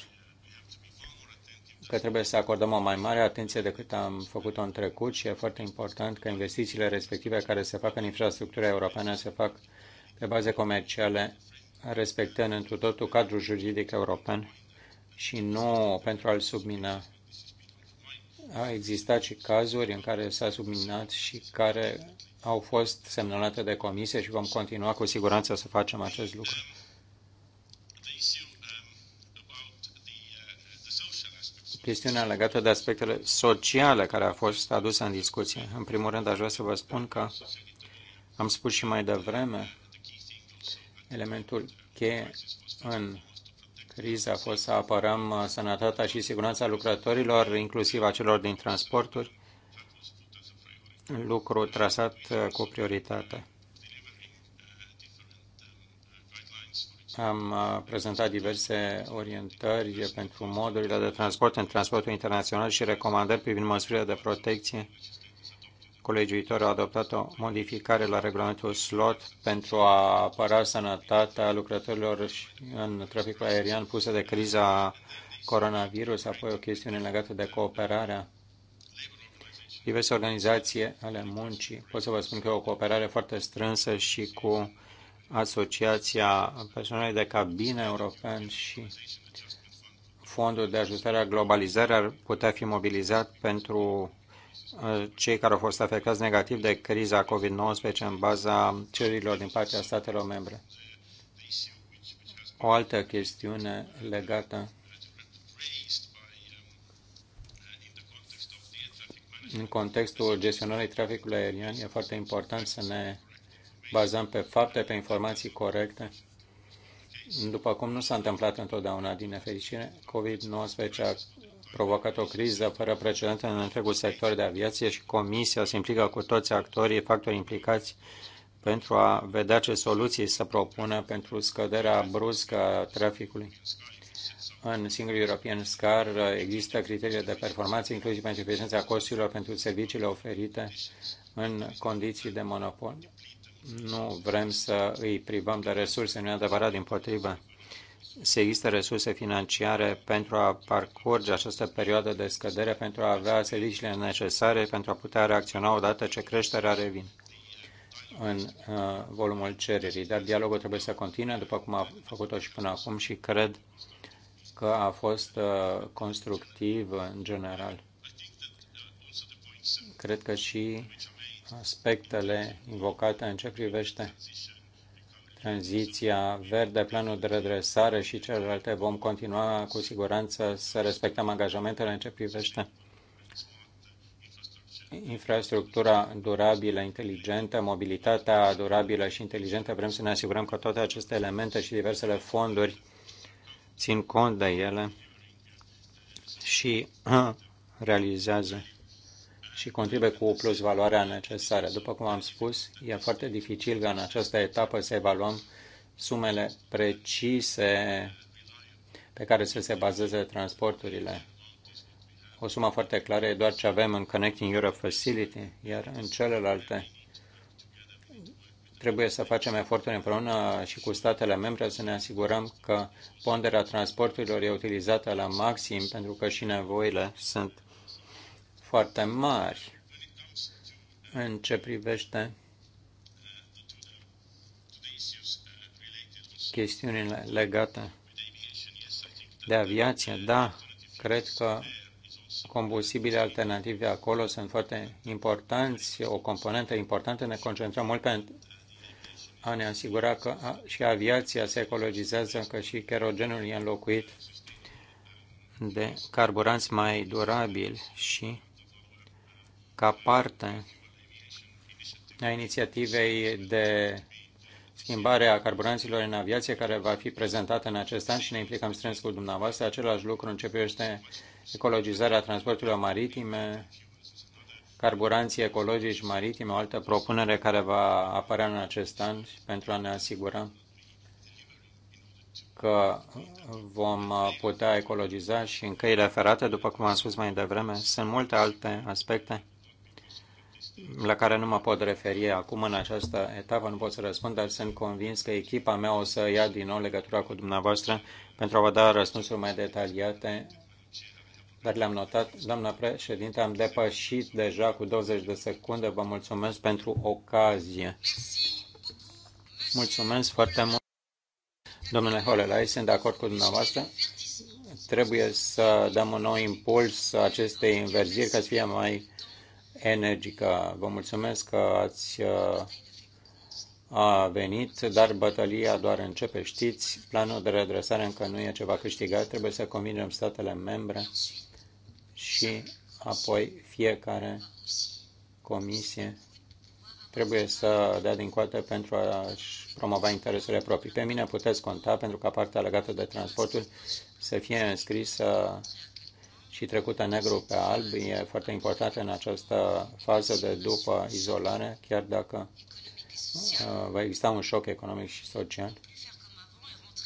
că trebuie să acordăm o mai mare atenție decât am făcut-o în trecut și e foarte important că investițiile respective care se fac în infrastructura europeană se fac pe baze comerciale, respectând întru totul cadrul juridic european și nu pentru a-l submina. A existat și cazuri în care s-a subminat și care au fost semnalate de comisie și vom continua cu siguranță să facem acest lucru. Chestiunea legată de aspectele sociale care a fost adusă în discuție. În primul rând, aș vrea să vă spun că am spus și mai devreme, elementul cheie în criză a fost să apărăm uh, sănătatea și siguranța lucrătorilor, inclusiv a celor din transporturi, lucru trasat uh, cu prioritate. Am uh, prezentat diverse orientări pentru modurile de transport în transportul internațional și recomandări privind măsurile de protecție viitor a adoptat o modificare la regulamentul slot pentru a apăra sănătatea lucrătorilor în traficul aerian pusă de criza coronavirus, apoi o chestiune legată de cooperarea diverse organizații ale muncii. Pot să vă spun că e o cooperare foarte strânsă și cu Asociația Personalului de Cabine European și Fondul de Ajustare a Globalizării ar putea fi mobilizat pentru Uh, cei care au fost afectați negativ de criza COVID-19 în baza cerilor din partea statelor membre. O altă chestiune legată în contextul gestionării traficului aerian e foarte important să ne bazăm pe fapte, pe informații corecte. După cum nu s-a întâmplat întotdeauna, din nefericire, COVID-19 a provocat o criză fără precedent în întregul sector de aviație și Comisia se implică cu toți actorii, factorii implicați pentru a vedea ce soluții să propună pentru scăderea bruscă a traficului. În Single European Scar există criterii de performanță, inclusiv pentru eficiența costurilor pentru serviciile oferite în condiții de monopol. Nu vrem să îi privăm de resurse, nu e adevărat, din potrivă se există resurse financiare pentru a parcurge această perioadă de scădere, pentru a avea serviciile necesare, pentru a putea reacționa odată ce creșterea revine în uh, volumul cererii. Dar dialogul trebuie să continue, după cum a făcut-o și până acum și cred că a fost uh, constructiv în general. Cred că și aspectele invocate în ce privește tranziția verde, planul de redresare și celelalte, vom continua cu siguranță să respectăm angajamentele în ce privește infrastructura durabilă, inteligentă, mobilitatea durabilă și inteligentă. Vrem să ne asigurăm că toate aceste elemente și diversele fonduri țin cont de ele și *clears throat* realizează și contribuie cu plus valoarea necesară. După cum am spus, e foarte dificil ca în această etapă să evaluăm sumele precise pe care să se bazeze transporturile. O sumă foarte clară e doar ce avem în Connecting Europe Facility, iar în celelalte trebuie să facem eforturi împreună și cu statele membre să ne asigurăm că ponderea transporturilor e utilizată la maxim pentru că și nevoile sunt foarte mari în ce privește chestiunile legate de aviație. Da, cred că combustibile alternative acolo sunt foarte importanți, o componentă importantă. Ne concentrăm mult pe a ne asigura că și aviația se ecologizează, că și kerogenul e înlocuit de carburanți mai durabili și ca parte a inițiativei de schimbare a carburanților în aviație, care va fi prezentată în acest an și ne implicăm strâns cu dumneavoastră. Același lucru este ecologizarea transporturilor maritime, carburanții ecologici maritime, o altă propunere care va apărea în acest an pentru a ne asigura că vom putea ecologiza și în căile ferate, după cum am spus mai devreme. Sunt multe alte aspecte la care nu mă pot referi acum în această etapă, nu pot să răspund, dar sunt convins că echipa mea o să ia din nou legătura cu dumneavoastră pentru a vă da răspunsuri mai detaliate, dar le-am notat. Doamna președinte, am depășit deja cu 20 de secunde. Vă mulțumesc pentru ocazie. Mulțumesc foarte mult. Domnule Holelai, sunt de acord cu dumneavoastră trebuie să dăm un nou impuls acestei inverziri ca să fie mai energică. Vă mulțumesc că ați uh, a venit, dar bătălia doar începe. Știți, planul de redresare încă nu e ceva câștigat, trebuie să convingem statele membre și apoi fiecare comisie trebuie să dea din coate pentru a-și promova interesele proprii. Pe mine puteți conta pentru ca partea legată de transportul să fie înscrisă și trecută negru pe alb e foarte importantă în această fază de după izolare, chiar dacă uh, va exista un șoc economic și social.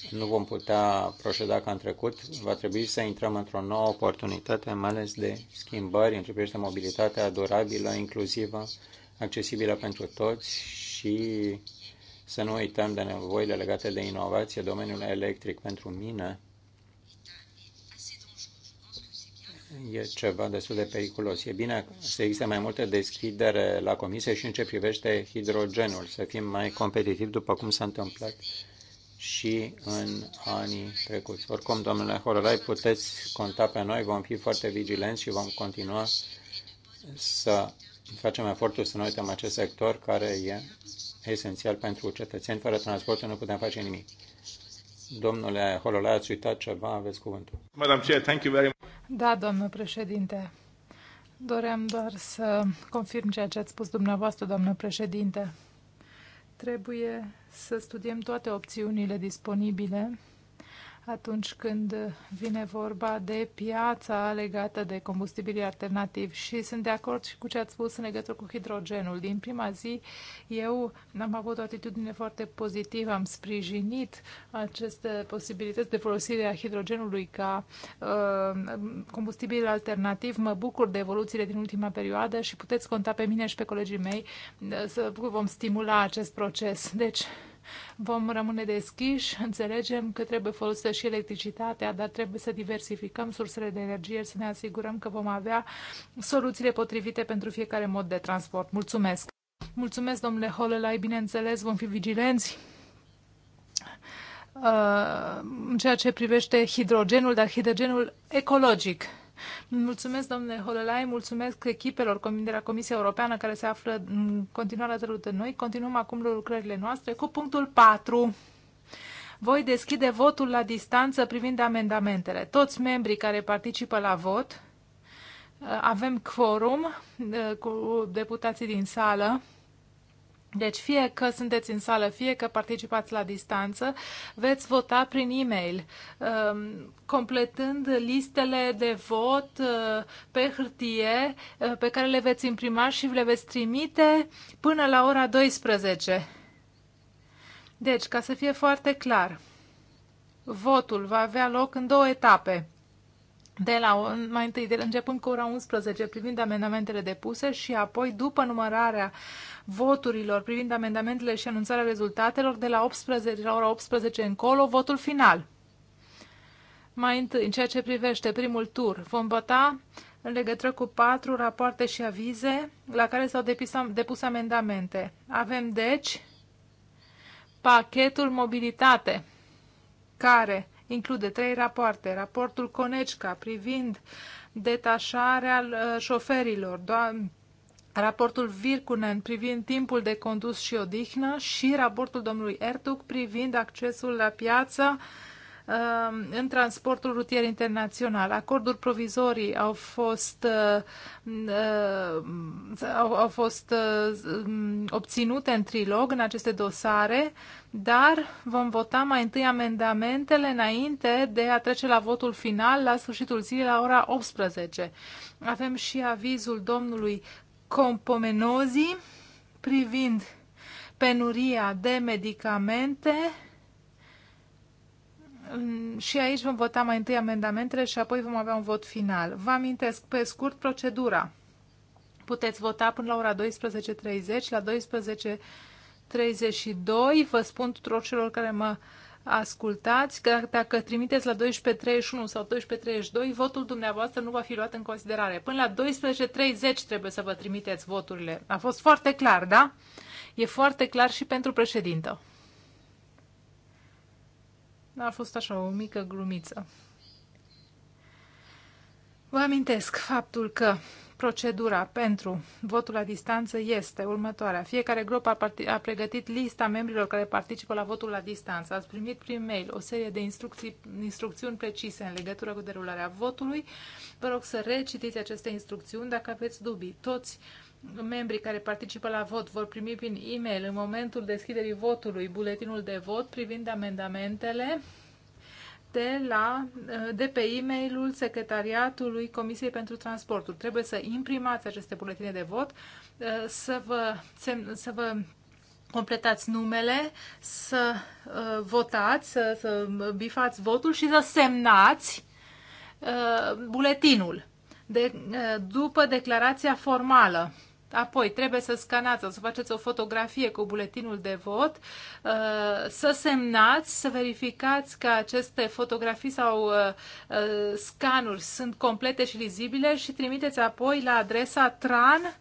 Nu vom putea proceda ca în trecut. Va trebui să intrăm într-o nouă oportunitate, mai ales de schimbări în privește mobilitatea durabilă, inclusivă, accesibilă pentru toți și să nu uităm de nevoile legate de inovație. Domeniul electric pentru mine e ceva destul de periculos. E bine să existe mai multă deschidere la comisie și în ce privește hidrogenul, să fim mai competitivi după cum s-a întâmplat și în anii trecuți. Oricum, domnule Horolai, puteți conta pe noi, vom fi foarte vigilenți și vom continua să facem efortul să nu uităm acest sector care e esențial pentru cetățeni. Fără transport nu putem face nimic. Domnule Hololai, ați uitat ceva, aveți cuvântul. Madam Chair, thank you very much. Da, doamnă președinte. Doream doar să confirm ceea ce ați spus dumneavoastră, doamnă președinte. Trebuie să studiem toate opțiunile disponibile atunci când vine vorba de piața legată de combustibilii alternativi și sunt de acord și cu ce ați spus în legătură cu hidrogenul. Din prima zi eu am avut o atitudine foarte pozitivă, am sprijinit aceste posibilități de folosire a hidrogenului ca uh, combustibil alternativ. Mă bucur de evoluțiile din ultima perioadă și puteți conta pe mine și pe colegii mei uh, să vom stimula acest proces. Deci, Vom rămâne deschiși, înțelegem că trebuie folosită și electricitatea, dar trebuie să diversificăm sursele de energie, să ne asigurăm că vom avea soluțiile potrivite pentru fiecare mod de transport. Mulțumesc! Mulțumesc, domnule Holelai, bineînțeles, vom fi vigilenți uh, în ceea ce privește hidrogenul, dar hidrogenul ecologic. Mulțumesc, domnule Hololai, mulțumesc echipelor de la Comisia Europeană care se află în continuare alături de noi. Continuăm acum lucrările noastre cu punctul 4. Voi deschide votul la distanță privind amendamentele. Toți membrii care participă la vot, uh, avem quorum uh, cu deputații din sală. Deci fie că sunteți în sală, fie că participați la distanță, veți vota prin e-mail, um, completând listele de vot uh, pe hârtie uh, pe care le veți imprima și le veți trimite până la ora 12. Deci, ca să fie foarte clar, votul va avea loc în două etape de la, mai întâi, de, la începând cu ora 11, privind amendamentele depuse și apoi, după numărarea voturilor privind amendamentele și anunțarea rezultatelor, de la 18, la ora 18 încolo, votul final. Mai întâi, în ceea ce privește primul tur, vom vota în legătură cu patru rapoarte și avize la care s-au depus amendamente. Avem, deci, pachetul mobilitate, care include trei rapoarte. Raportul Conecica privind detașarea uh, șoferilor, raportul Virkunen privind timpul de condus și odihnă și raportul domnului Ertug privind accesul la piață Um, în transportul rutier internațional. Acorduri provizorii au fost, uh, um, au, au fost uh, obținute în trilog în aceste dosare, dar vom vota mai întâi amendamentele înainte de a trece la votul final la sfârșitul zilei la ora 18. Avem și avizul domnului Compomenozi privind penuria de medicamente și aici vom vota mai întâi amendamentele și apoi vom avea un vot final. Vă amintesc pe scurt procedura. Puteți vota până la ora 12.30, la 12.32 vă spun tuturor celor care mă ascultați că dacă trimiteți la 12.31 sau 12.32, votul dumneavoastră nu va fi luat în considerare. Până la 12.30 trebuie să vă trimiteți voturile. A fost foarte clar, da? E foarte clar și pentru președintă a fost așa o mică glumiță. Vă amintesc faptul că procedura pentru votul la distanță este următoarea. Fiecare grup a, a pregătit lista membrilor care participă la votul la distanță. Ați primit prin mail o serie de instrucții, instrucțiuni precise în legătură cu derularea votului. Vă rog să recitiți aceste instrucțiuni dacă aveți dubii. Toți membrii care participă la vot vor primi prin e-mail în momentul deschiderii votului buletinul de vot privind amendamentele de, la, de pe e-mailul Secretariatului Comisiei pentru Transportul. Trebuie să imprimați aceste buletine de vot, să vă, să vă completați numele, să uh, votați, să, să bifați votul și să semnați uh, buletinul de, uh, după declarația formală Apoi trebuie să scanați, să faceți o fotografie cu buletinul de vot, uh, să semnați, să verificați că aceste fotografii sau uh, uh, scanuri sunt complete și lizibile și trimiteți apoi la adresa tran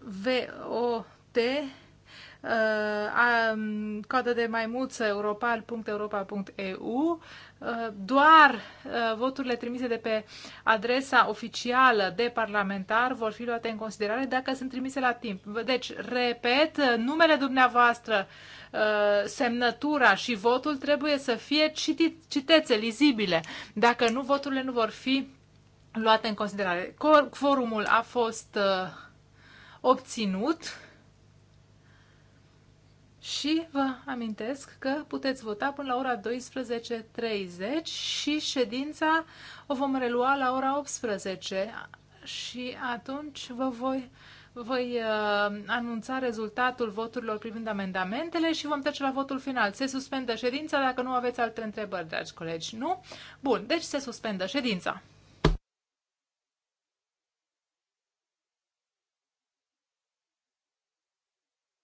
vot coadă de maimuță europal.europa.eu Uh, doar uh, voturile trimise de pe adresa oficială de parlamentar vor fi luate în considerare dacă sunt trimise la timp. Deci, repet, numele dumneavoastră, uh, semnătura și votul trebuie să fie citețe, lizibile. Dacă nu, voturile nu vor fi luate în considerare. Quorumul a fost obținut și vă amintesc că puteți vota până la ora 12.30 și ședința o vom relua la ora 18 și atunci vă voi, voi uh, anunța rezultatul voturilor privind amendamentele și vom trece la votul final. Se suspendă ședința dacă nu aveți alte întrebări, dragi colegi, nu? Bun, deci se suspendă ședința.